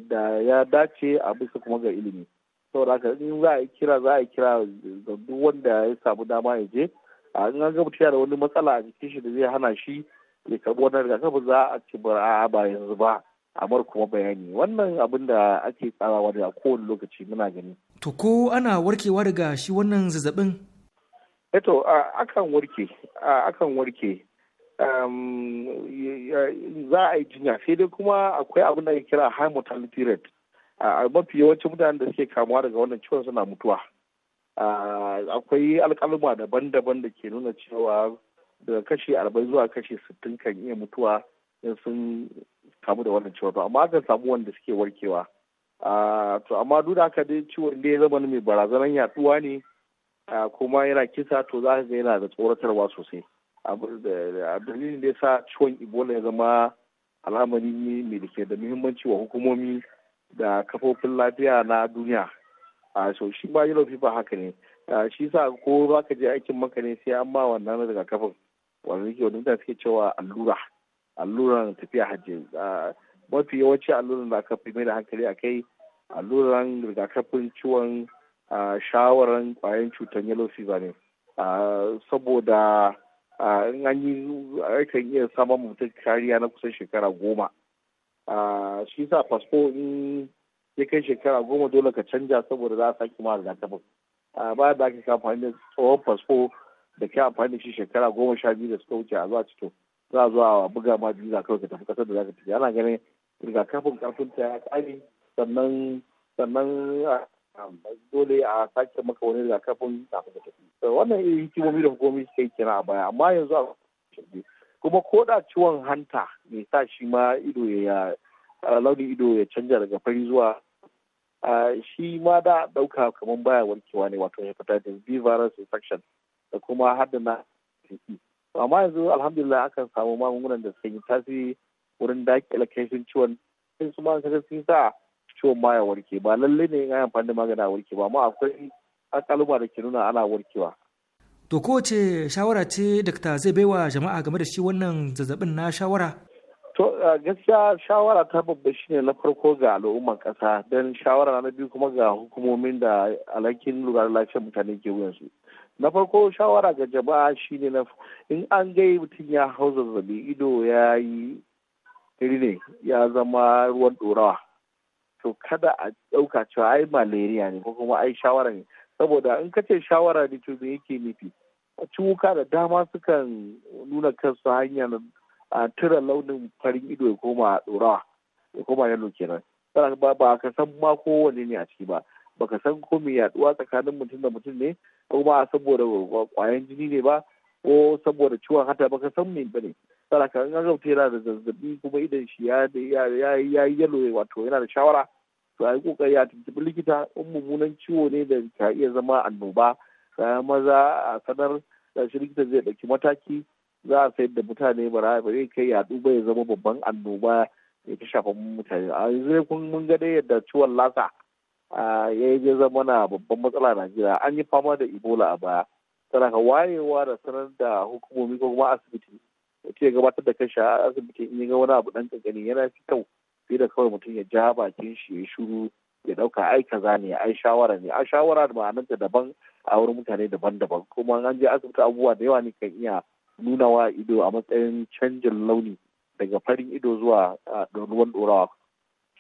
da ya dace a bisa kuma ga ilimi saboda haka in za a kira za a kira ga duk wanda ya samu dama ya je a in an ga mutum da wani matsala a jikin shi da zai hana shi ya karɓi wannan rigakafi za a ci a ba yanzu ba amar kuma bayani wannan abin da ake tsarawa da kowane lokaci muna gani To ko ana warkewa daga shi wannan zazzabin? Eto eh akan warke, akan warke. za a yi jinya sai dai kuma akwai abin da ake kira high mortality rate. mafi yawancin mutanen da suke kamuwa daga wannan ciwon suna mutuwa. akwai alkalma daban-daban da ke nuna cewa daga kashi arba'in zuwa kashi sittin kan iya mutuwa in sun kamu da wannan ciwon amma akan samu wanda suke warkewa. Ah, to amma duk da haka dai ciwon da ya zama mai barazanar yaduwa ne ah, kuma yana kisa to za ka ga yana da tsoratarwa sosai a dalilin da ya sa ciwon ibola ya zama al'amari ne mai da ke da muhimmanci wa hukumomi da kafofin lafiya na duniya a ah, so shi ba yellow ba haka ne shi sa ko za ka je aikin maka ne sai an ma wannan kafin wanda wani wanda suke cewa allura alluran tafiya hajji mafi yawanci alluran da aka fi mai da hankali a kai alluran rigakafin ciwon shawaran kwayan cutar yellow fever ne saboda in an yi aikin iya samun mutum kariya na kusan shekara goma shi sa fasfo in ya kai shekara goma dole ka canja saboda za a sake ma rigakafin ba da ake amfani da tsohon fasfo da ke amfani da shi shekara goma sha biyu da suka wuce a zuwa cito za a zuwa buga ma biyu za ka tafi kasar da za ka tafi ana ganin rigakafin karfin ta ya kare sannan sannan ah, ah, dole a sake maka wani rigakafin kafin ka tafi wannan irin hikimomi da hukumomi suka yi kira a baya amma yanzu a kuma ko da ciwon hanta mai sa shi ma ido ya ah, launin ido ya canja daga fari zuwa shi ma da dauka kamar baya warkewa ne wato hepatitis B virus infection da kuma haddana amma yanzu alhamdulillah akan samu magungunan da suka yi tasiri wurin dakile kaifin ciwon sai su ma sun sa ciwon ma ya warke ba lallai ne in amfani da warke ba amma akwai alƙaluma da ke nuna ana warkewa. To ko ce shawara ce dakta zai baiwa jama'a game da shi wannan zazzabin na shawara? To gaskiya shawara ta babba shine na farko ga al'umman kasa don shawara na biyu kuma ga hukumomin da alhakin lura da lafiyar mutane ke wuyansu. na farko shawara ga jama'a shine na in an gai mutum ya hau zazzabi ido ya yi ne ya zama ruwan ɗorawa to kada a ɗauka cewa ai malaria ne ko kuma ai shawara ne saboda in ka ce shawara ne to me yake nufi ciwuka da dama sukan nuna kansu hanyar a tura launin farin ido ya koma ɗorawa ya koma yalo kenan ba ba ka san ma wani ne a ciki ba ba ka san ko mai yaduwa tsakanin mutum da mutum ne ko ma saboda kwayan jini ne ba ko saboda ciwon hata ba ka san me ba ne saraka in an ga yana da zazzabi kuma idan shi ya yi yalo wato yana da shawara to a yi kokari a tuntuɓi likita in mummunan ciwo ne da ka iya zama annoba sai maza a sanar da shi likita zai ɗauki mataki za a sayar da mutane ba zai kai yaɗu ba ya zama babban annoba ya fi shafan mutane a yanzu kun mun ga dai yadda ciwon lasa ya yi zama na babban matsala a Najeriya an yi fama da Ebola a baya. ka wayewa da sanar da hukumomi ko kuma asibiti ke gabatar da kashi a asibiti in ga wani abu dan kankani yana fi kyau fiye da kawai mutum ya ja bakin shi ya shiru ya dauka ai kaza ne ai shawara ne a shawara da ma'anarta daban a wurin mutane daban-daban kuma an je asibiti abubuwa da yawa ne kan iya nuna wa ido a matsayin canjin launi daga farin ido zuwa ruwan dorawa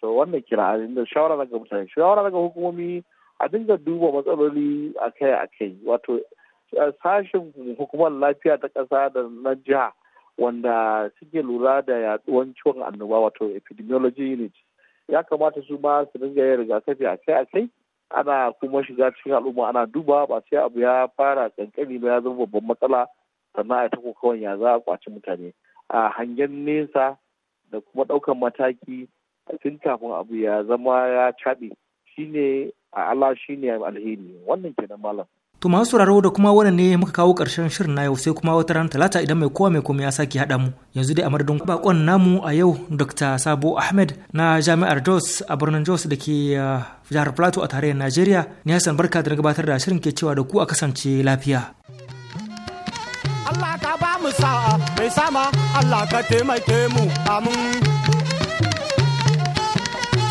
so wannan kira da shawara daga mutane shawara daga hukumomi a dinga duba matsaloli akai-akai wato sashen hukumar lafiya ta ƙasa da na jiha wanda suke lura da yaduwan ciwon annoba wato epidemiology unit ya kamata su ma su dinga yin rigakafi a kai a kai ana kuma shiga cikin al'umma ana duba ba sai abu ya fara kankani ba ya zama babban matsala sannan a ta kokawan ya za a kwaci mutane a hangen nesa da kuma ɗaukan mataki tun kafin abu ya zama ya caɓe shine a Allah shine alheri wannan kenan malam To masu sauraro da kuma wannan ne muka kawo ƙarshen shirin na yau sai kuma wata ran talata idan mai kowa mai komai ya sake haɗa mu. Yanzu dai a madadin bakon namu a yau Dr. Sabo Ahmed na Jami'ar Jos a birnin Jos da ke uh, jihar Plateau a tarayyar Najeriya. Ni Hassan Barka da na gabatar da shirin ke cewa da ku a kasance lafiya. Allah ka ba mu sa'a mai sama Allah ka taimake mu amin.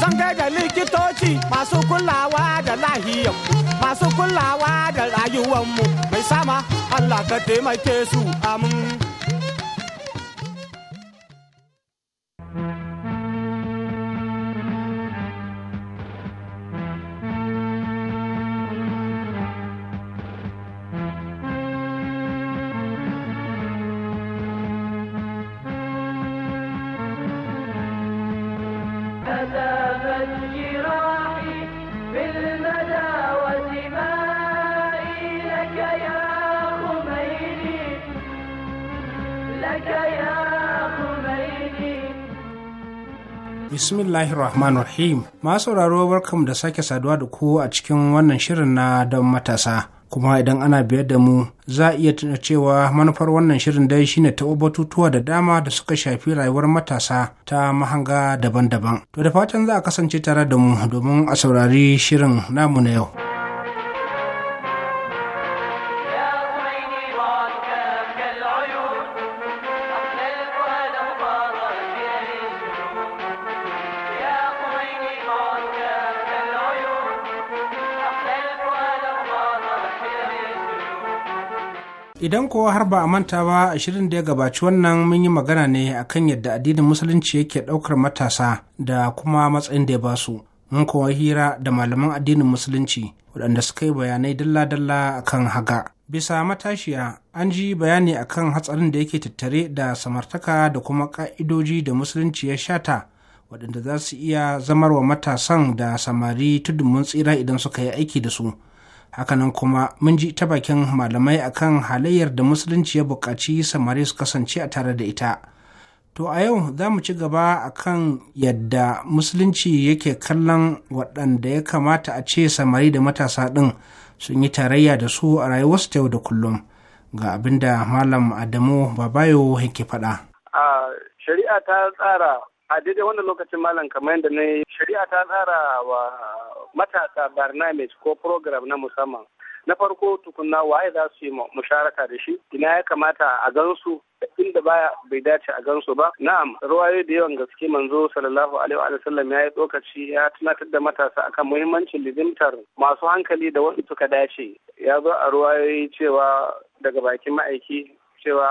zan da likitoci masu kulawa da lahiyar masu kulawa da rayuwar mu mai sama Allah ka taimake su amin. bismillahir rahmanir rahim masu sauraro barkamu da sake saduwa da ku a cikin wannan shirin na don matasa kuma idan ana biyar da mu za a iya tuna cewa manufar wannan shirin dai shine taɓo batutuwa da dama da suka shafi rayuwar matasa ta mahanga daban-daban to da fatan za a kasance tare da mu domin a saurari shirin namu na yau. Idan kowa har ba a manta ba a shirin da ya gabaci wannan mun yi magana ne akan yadda addinin musulunci yake ɗaukar matasa da kuma matsayin da ya ba su. Mun kowa hira da malaman addinin musulunci waɗanda suka yi bayanai dalla-dalla akan haga. Bisa matashiya an ji bayani akan hatsarin da yake tattare da samartaka da kuma ƙa'idoji da musulunci ya shata waɗanda za su iya zamarwa matasan da samari tudun mun tsira idan suka yi aiki da su. hakanan kuma mun ji ta bakin malamai akan halayyar da musulunci ya buƙaci samari su kasance a tare da ita to a yau za mu ci gaba akan yadda musulunci yake kallon waɗanda ya kamata a ce samari da matasa ɗin sun yi tarayya da su a rayuwarsu ta yau da kullum ga abin da malam adamu babayo yake faɗa. shari'a ta tsara a daidai wannan lokacin malam kamar yadda na yi shari'a ta tsara wa matasa barnamage ko program na musamman na farko tukunna waye za su yi musharaka da shi ina ya kamata a gansu inda baya bai dace a gansu ba na'am ruwaye da yawan gaske manzo sallallahu alaihi wa sallam ya yi tsokaci ya tunatar da matasa akan muhimmancin lizimtar masu hankali da wasu suka dace ya zo a ruwaye cewa daga bakin ma'aiki cewa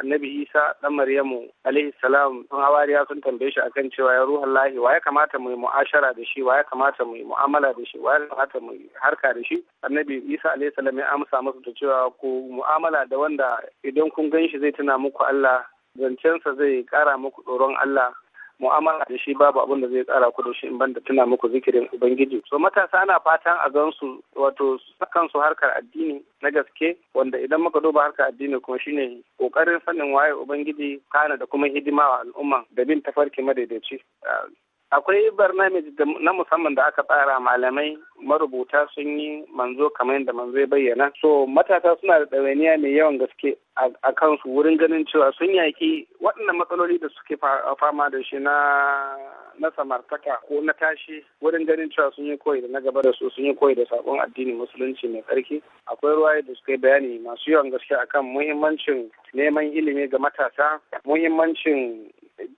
annabi isa dan maryamu alaihi salam sun hawariya sun tambaye shi akan cewa ya ruhan lahi wa ya kamata mu yi mu'ashara da shi wa ya kamata mu yi mu'amala da shi wa ya kamata mu yi harka da shi annabi isa alaihi salam ya amsa musu da cewa ku mu'amala da wanda idan kun gan shi zai tuna muku allah zancensa zai kara muku tsoron allah mu'amala da shi babu abin da zai tsara ku da shi in banda tuna muku zikirin ubangiji so matasa ana fatan a gan su wato sakan su harkar addini na gaske wanda idan muka duba harkar addini kuma shine kokarin sanin waye ubangiji kana da kuma hidima al'umma da bin tafarki madaidaici ah, akwai barnamij na musamman da aka tsara malamai marubuta sun yi manzo kamar yadda manzo ya bayyana so matasa suna da ɗawainiya mai yawan gaske a kansu wurin ganin cewa sun yaki waɗannan matsaloli da suke fama da shi na na samartaka ko na tashi wurin ganin cewa sun yi koyi da na gaba da su sun yi koyi da sabon addini musulunci mai tsarki akwai ruwaye da suka yi bayani masu yawan gaske akan muhimmancin neman ilimi ga matasa muhimmancin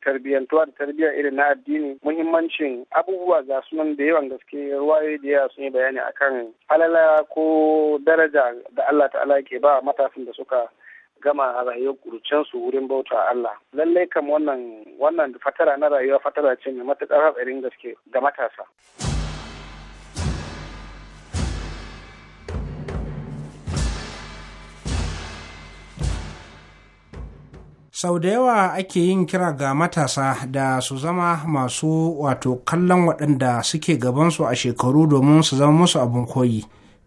tarbiyyantuwa da tarbiyyar irin na addini muhimmancin abubuwa ga sunan da yawan gaske ruwaye da yawa sun yi bayani akan alala ko daraja da Allah ta'ala ke ba matasan da suka gama a rayuwar kurucensu wurin bauta a Allah. Lallai kam wannan wannan fatara na rayuwa fatara ce mai matuƙar hatsarin gaske ga matasa. sau da yawa ake yin kira ga matasa da su zama masu wato kallon waɗanda suke gabansu a shekaru domin su zama musu abin koyi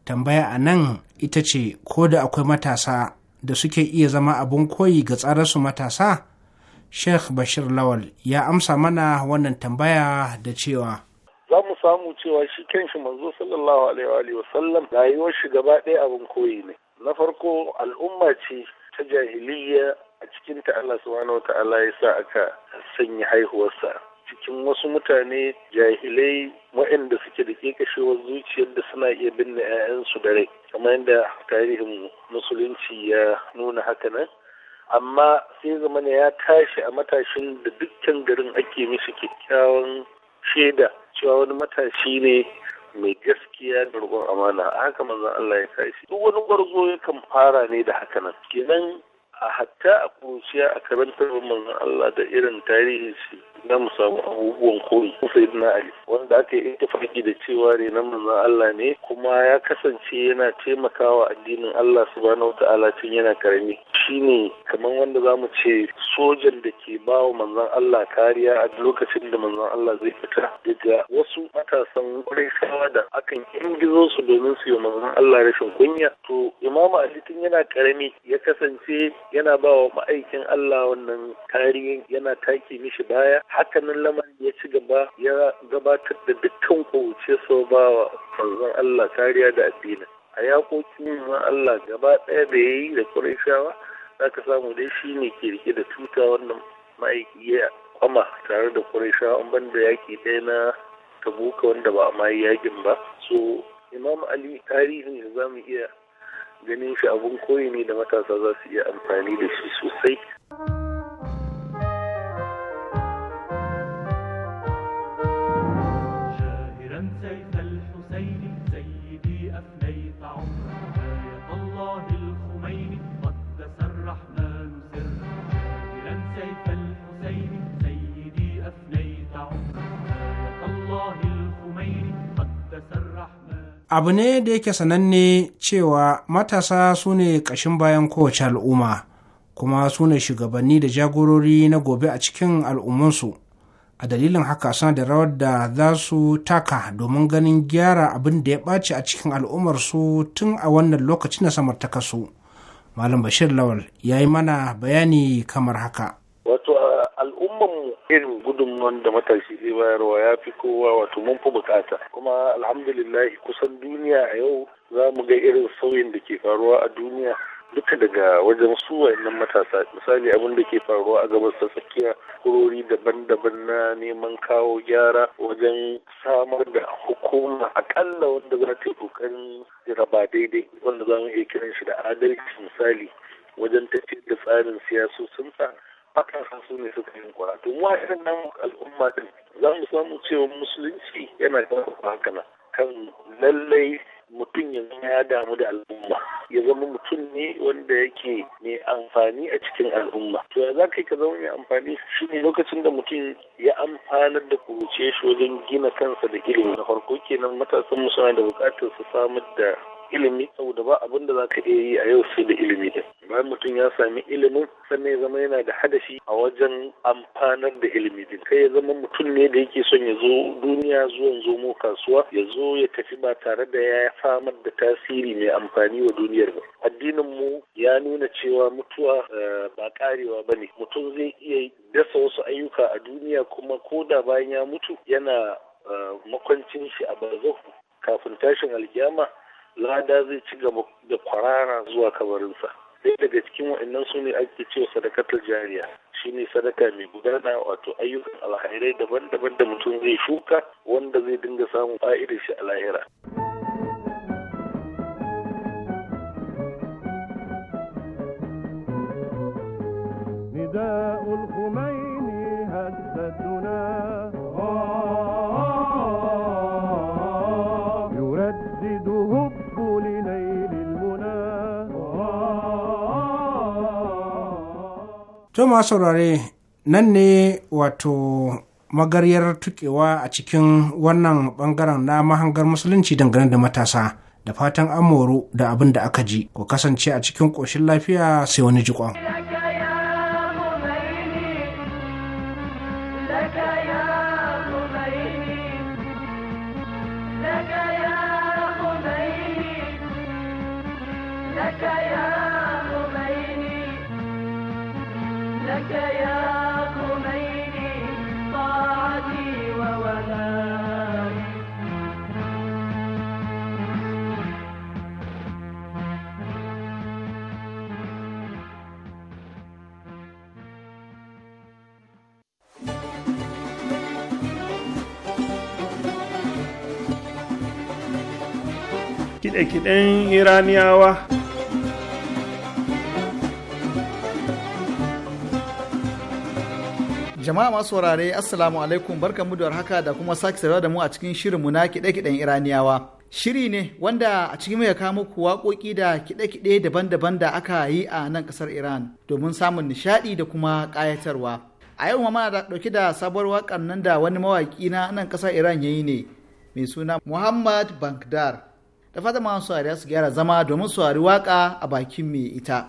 tambaya a nan ita ce ko da akwai matasa da suke iya zama abin koyi ga tsararsu matasa sheikh bashir lawal ya amsa mana wannan tambaya da cewa za mu samu cewa shi kanshi manzo sallallahu alaihi wa sallam rayuwar shi gaba ɗaya abin koyi ne na farko al'umma ce ta jahiliya a cikinta Allah subhanahu wata'ala ya sa aka sanya haihuwarsa cikin wasu mutane jahilai waɗanda suke da ke kashewar zuciyar da suna iya binne 'ya'yansu da rai kamar yadda tarihin musulunci ya nuna haka nan amma sai zamana ya tashi a matashin da dukkan garin ake mishi kyakkyawan shaida cewa wani matashi ne mai gaskiya da amana a haka manzon Allah ya tashi duk wani gwarzo yakan fara ne da haka nan kenan a hatta a kuruciya a karantar manzon Allah da irin tarihin shi na mu abubuwan koyi sai na Ali wanda aka yi ittifaki da cewa ne na manzon Allah ne kuma ya kasance yana taimakawa addinin Allah subhanahu wata'ala tun yana karami shine kamar wanda za mu ce sojan da ke ba wa manzon Allah kariya a lokacin da manzon Allah zai fita daga wasu matasan sawa da akan ingizo su domin su yi manzon Allah rashin kunya to Imam Ali tun yana karami ya kasance yana ba wa ma'aikin Allah wannan tarihin yana taki mishi baya hakanan lamarin ya ci gaba ya gabatar da dukkan kowace so ba wa manzon Allah kariya da addinin a yakokin ma Allah gaba ɗaya da ya yi da Qurayshawa za ka samu dai shi ne ke rike da tuta wannan ma'aiki ya kwama tare da Qurayshawa an banda yaki ɗaya na Tabuka wanda ba a ma yakin ba so Imam Ali tarihin za mu iya ganin shi abun koyi ne da matasa za su iya amfani da shi sosai. abu ne da yake sananne cewa matasa su ne ƙashin bayan kowace al'umma kuma su ne shugabanni da jagorori na gobe a cikin al'ummansu a dalilin haka suna da rawar da za su taka domin ganin gyara abin da ya ɓace a cikin al'ummarsu tun a wannan lokacin na samartaka su malam bashir lawal ya yi mana bayani kamar haka wato irin gudunmuwan da matashi zai bayarwa ya fi kowa wato mun fi bukata kuma alhamdulillah kusan duniya a yau za mu ga irin sauyin da ke faruwa a duniya duka daga wajen su wayannan matasa misali abin da ke faruwa a gabas ta tsakiya kurori daban-daban na neman kawo gyara wajen samar da hukuma akalla wanda za ta yi kokarin raba daidai wanda za mu iya kiran shi da adalci misali wajen tafiyar da tsarin sun sa akan su ne suka yi kwara to mu a irin nan al'umma din za mu samu cewa musulunci yana da haka kan lallai mutum ya zama ya damu da al'umma ya zama mutum ne wanda yake mai amfani a cikin al'umma to ya za ka ka zama mai amfani ne lokacin da mutum ya amfanar da kuruce shi wajen gina kansa da ilimi na farko kenan matasan musulmai da bukatar su samar da ilimi saboda ba abin da za ka iya yi a yau sai da ilimi din bayan mutum ya sami ilimin sannan ya zama yana da hadashi a wajen amfanar da ilimi din kai ya zama mutum ne da yake son ya zo duniya zuwan zomo kasuwa ya zo ya tafi ba tare da ya samar da tasiri mai amfani wa duniyar ba addinin mu ya nuna cewa mutuwa eh, ba karewa ba ne mutum zai iya dasa wasu ayyuka a duniya kuma ko da bayan ya mutu yana eh, makwancin shi a barzahu kafin tashin alkiyama lada zai ci gaba da kwarara zuwa kabarinsa sai daga cikin wa'annan su ne ake cewa sadakatar jariya shine sadaka mai gudana wato ayyukan alhairai daban-daban da mutum zai shuka wanda zai dinga samun fa'idar shi a lahira. نداء الخميني هجتنا to ma saurare nan ne wato magaryar tukewa a cikin wannan bangaren na mahangar musulunci dangane da matasa da fatan amoru da abin da aka ji ku kasance a cikin ƙoshin lafiya sai wani jikon. Kiɗan iraniyawa jama'a masu saurare assalamu alaikum barkanmu da haka da kuma sake saurara da mu a cikin shirinmu na kiɗe-kiɗen iraniyawa shiri ne wanda a cikin mai kawo muku waƙoƙi da kiɗe-kiɗe daban-daban da aka yi a nan ƙasar iran domin samun nishaɗi da kuma ƙayatarwa a yau ma da ɗauki da sabuwar waƙar nan da wani mawaƙi na nan ƙasar iran ya yi ne mai suna muhammad bankdar da fata masu su gyara zama domin su waka a bakin mai ita.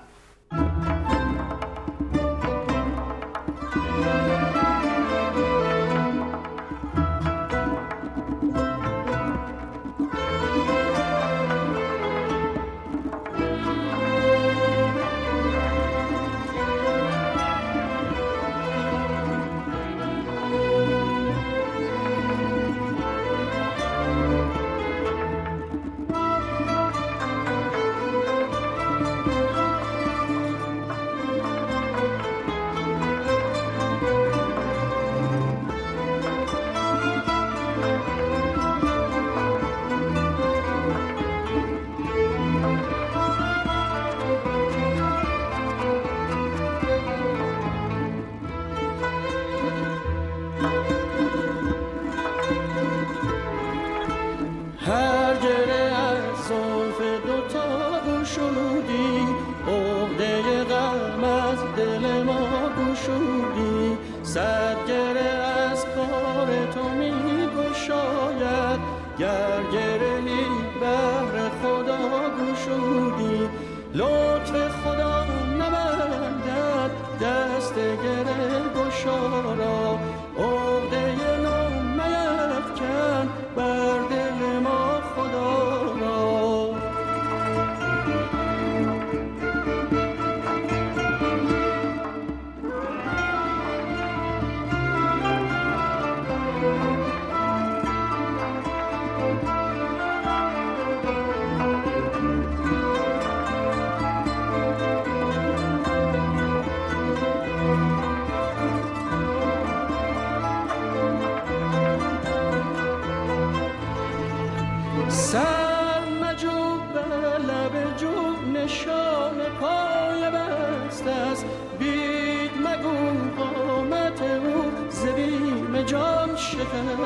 دل ما گشودی سرگره از کار تو می گشاید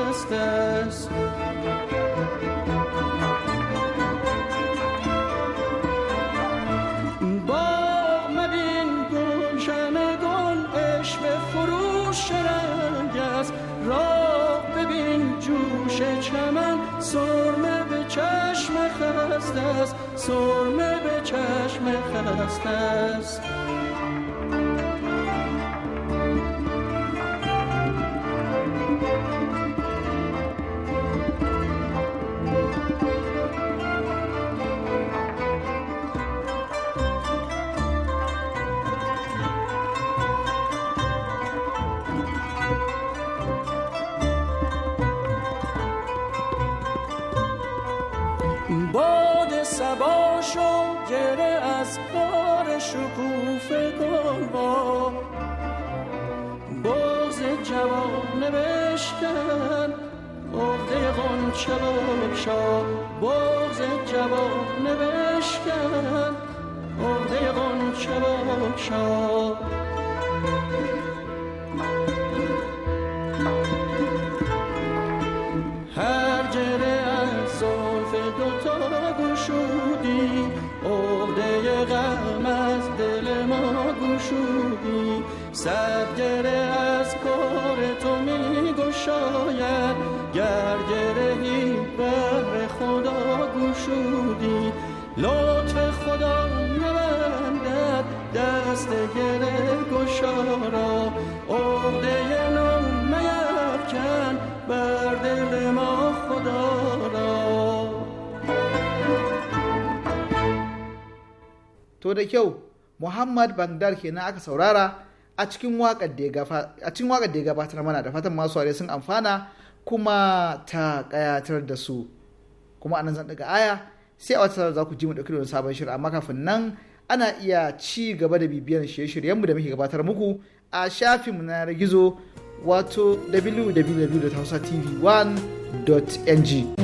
estás. باغ مبین گلشن گل به فروش رنگ راه ببین جوش چمن سرمه به چشم خسته است سرمه به چشم خسته شا بغز جواب نوشتم عهده آن شا هر جره از زلف دوتا گشودی عهده غم از دل ما گشودی صد جره از کار تو میگشاید خدا نبندد دست گل گشارا عقده نام میفکن بر دل ما خدا را to da kyau muhammad Bangdar kenan aka saurara a cikin wakar da ya gabatar mana da fatan masu sun amfana kuma ta ƙayatar da su kuma anan zan daga aya sai a wata za ku ji mu dauki don sabon shirin amma kafin nan ana iya ci gaba da bibiyan shirye-shiryenmu da muke gabatar muku a shafinmu na gizo wato www.hausatv1.ng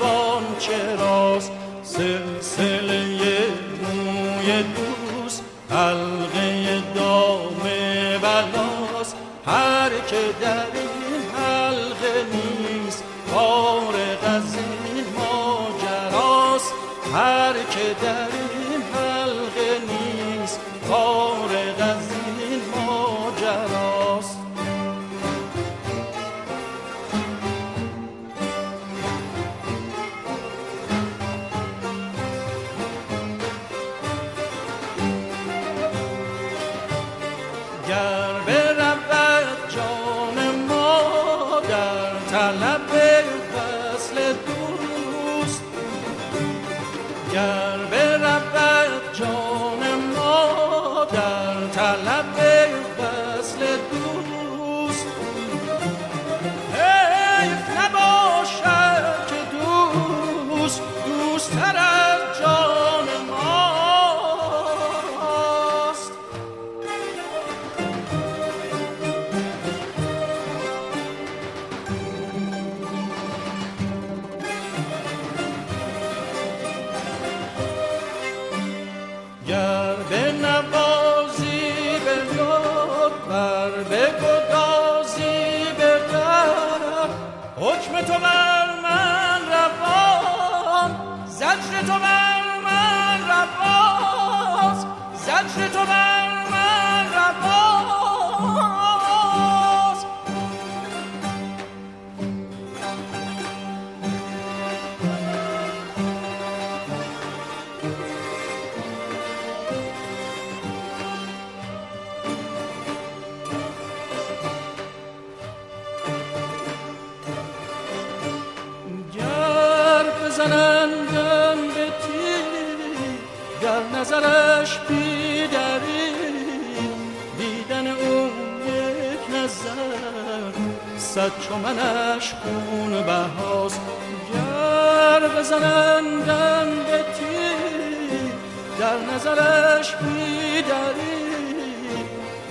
روان چه سلسله موی دوست حلقه دام بلاست هر که در این حلقه نیست کار قضیه ماجراست هر که در صد چو منش خون بهاس گر بزنندم به تیر در نظرش بیدری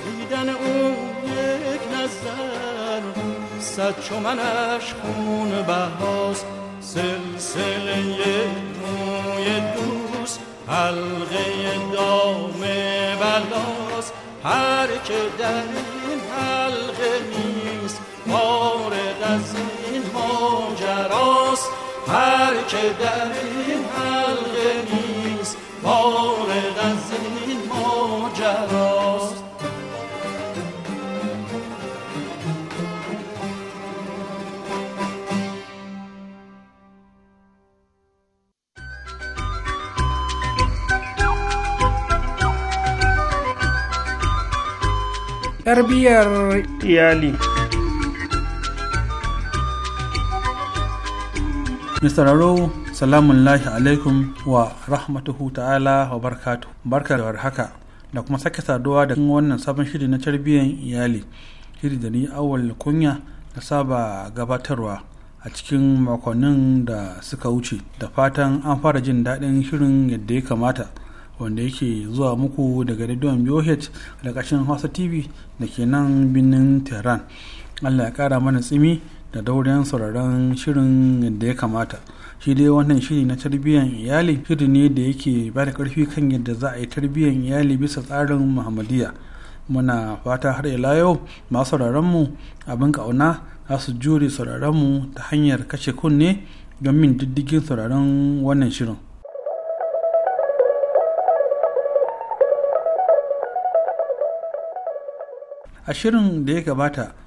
دیدن او یک نظر صد چو منش خون بهاست سلسله موی دوست حلقه دام بلاس هر که در از این ماجراست هر که در این حلقه نیست فارغ از این ماجراست tarbiyyar iyali Mr. salamun lahi alaikum wa rahmatuhu ta'ala wa barkatu. Barka da warhaka da kuma sake saduwa da wannan sabon shiri na tarbiyyar iyali. Shiri da ni awal kunya da saba gabatarwa a cikin makonnin da suka wuce da fatan an fara jin daɗin shirin yadda ya kamata wanda yake zuwa muku daga rediyon BOH da ƙarshen Hausa TV da ke nan birnin Tehran. Allah ya ƙara mana tsimi da daurin sauraron shirin da ya kamata shi dai wannan shiri na tarbiyyar iyali shiri ne da yake ba da karfi kan yadda za a yi tarbiyyar iyali bisa tsarin muhammadiyya muna fata har ila yau sauraron mu abin kauna za su jure mu ta hanyar kashe kunne don min diddigin sauraron wannan shirin a shirin da ya gabata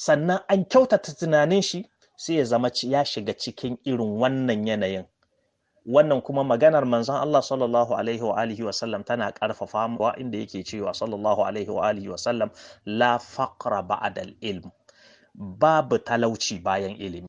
sannan an kyautata tunanin shi sai ya zama ya shiga cikin irin wannan yanayin wannan kuma maganar manzon Allah sallallahu alaihi wa alihi wa sallam tana karfafa wa inda yake cewa sallallahu alaihi wa alihi wa sallam la faqra ba'da ilm babu talauci bayan ilimi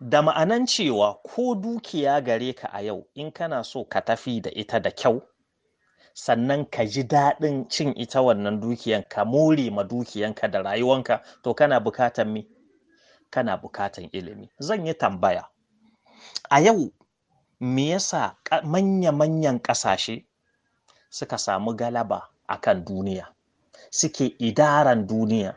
da ma'anan cewa ko dukiya gare ka a yau in kana so ka tafi da ita da kyau sannan ka ji daɗin cin ita wannan dukiyan ka more ma dukiyanka da rayuwanka to kana bukatan me kana bukatan ilimi zan yi tambaya a yau me yasa manya-manyan ƙasashe suka samu galaba akan duniya suke idaran duniya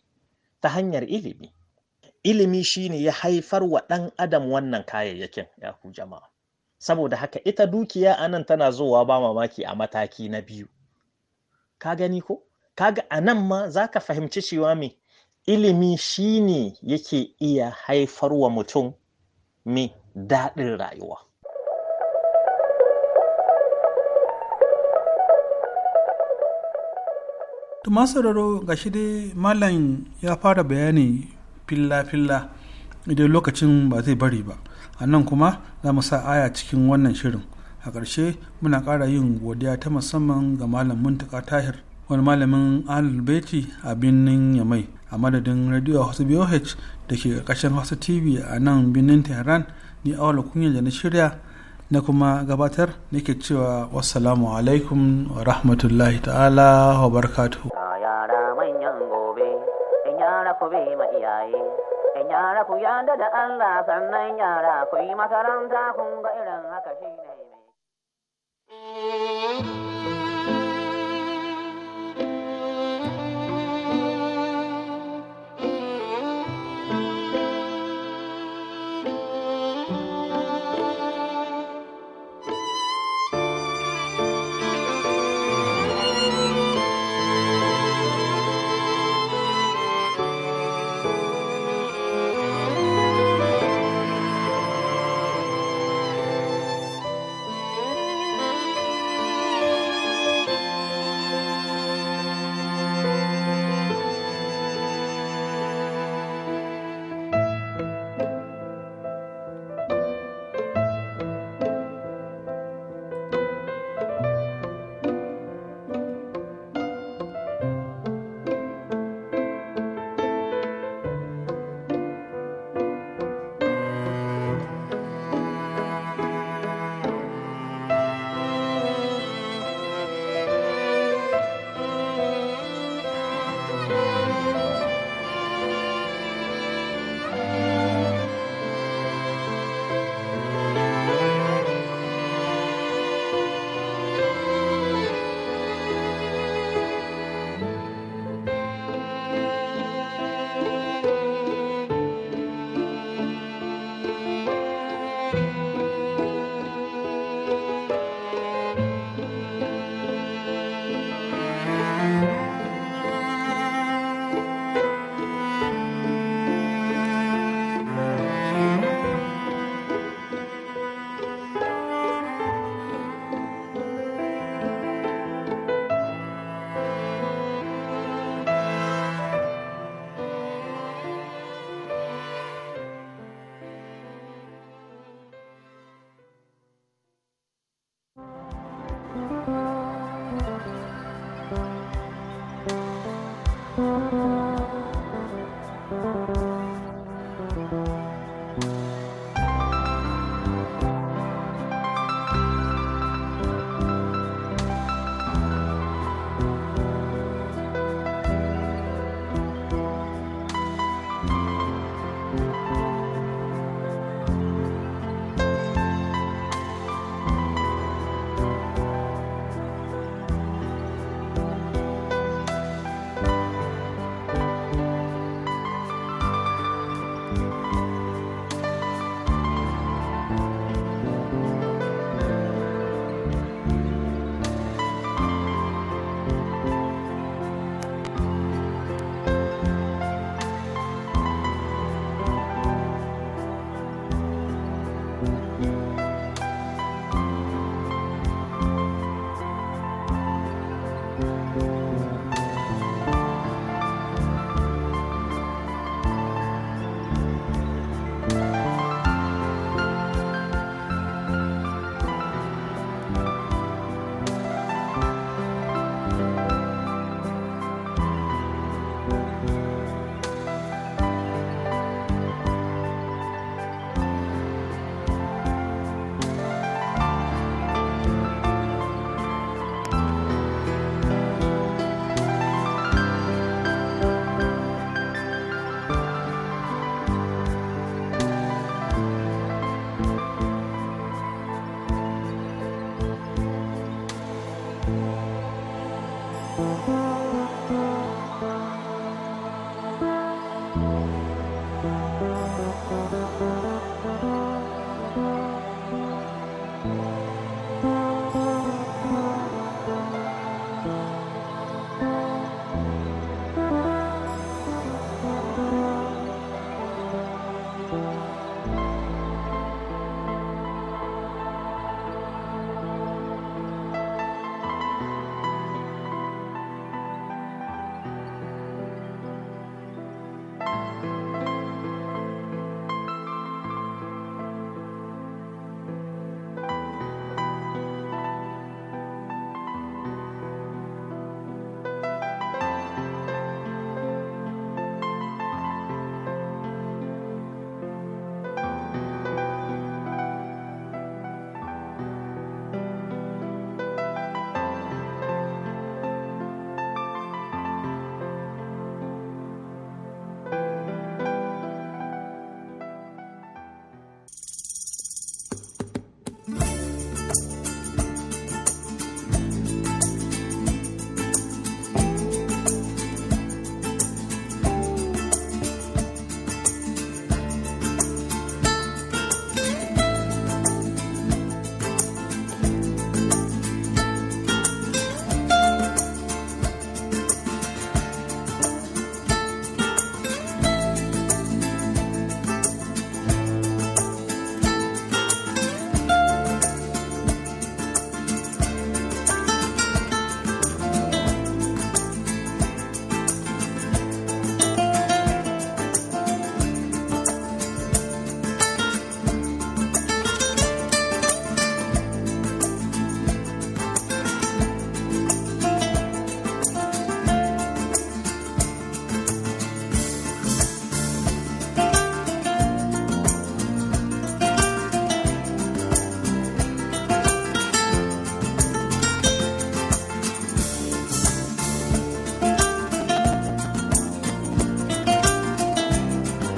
ta hanyar ilimi ilimi shine ya haifar wa ɗan adam wannan kayayyakin ya ku jama'a saboda haka ita dukiya a nan tana zowa ba mamaki a mataki na biyu ka gani ko Ka ga a nan ma za ka fahimci cewa me ilimi ne yake iya haifar wa mutum me daɗin rayuwa to ga shi dai malam ya fara bayani filla-filla idan lokacin ba zai bari ba a nan kuma za mu sa aya cikin wannan shirin a ƙarshe muna ƙara yin godiya ta musamman ga malam muntaka tahir wani malamin albeti a birnin yamai a madadin radio hausa boh da ke ƙarƙashin hausa tv a nan birnin tehran ni awala kunya da na shirya na kuma gabatar nake cewa wassalamu alaikum wa rahmatullahi ta'ala wa barkatu. yara manyan gobe in yara ku bi ma iyaye in yara ku yada da Allah sannan yara ku yi makaranta kun ga irin haka shine ne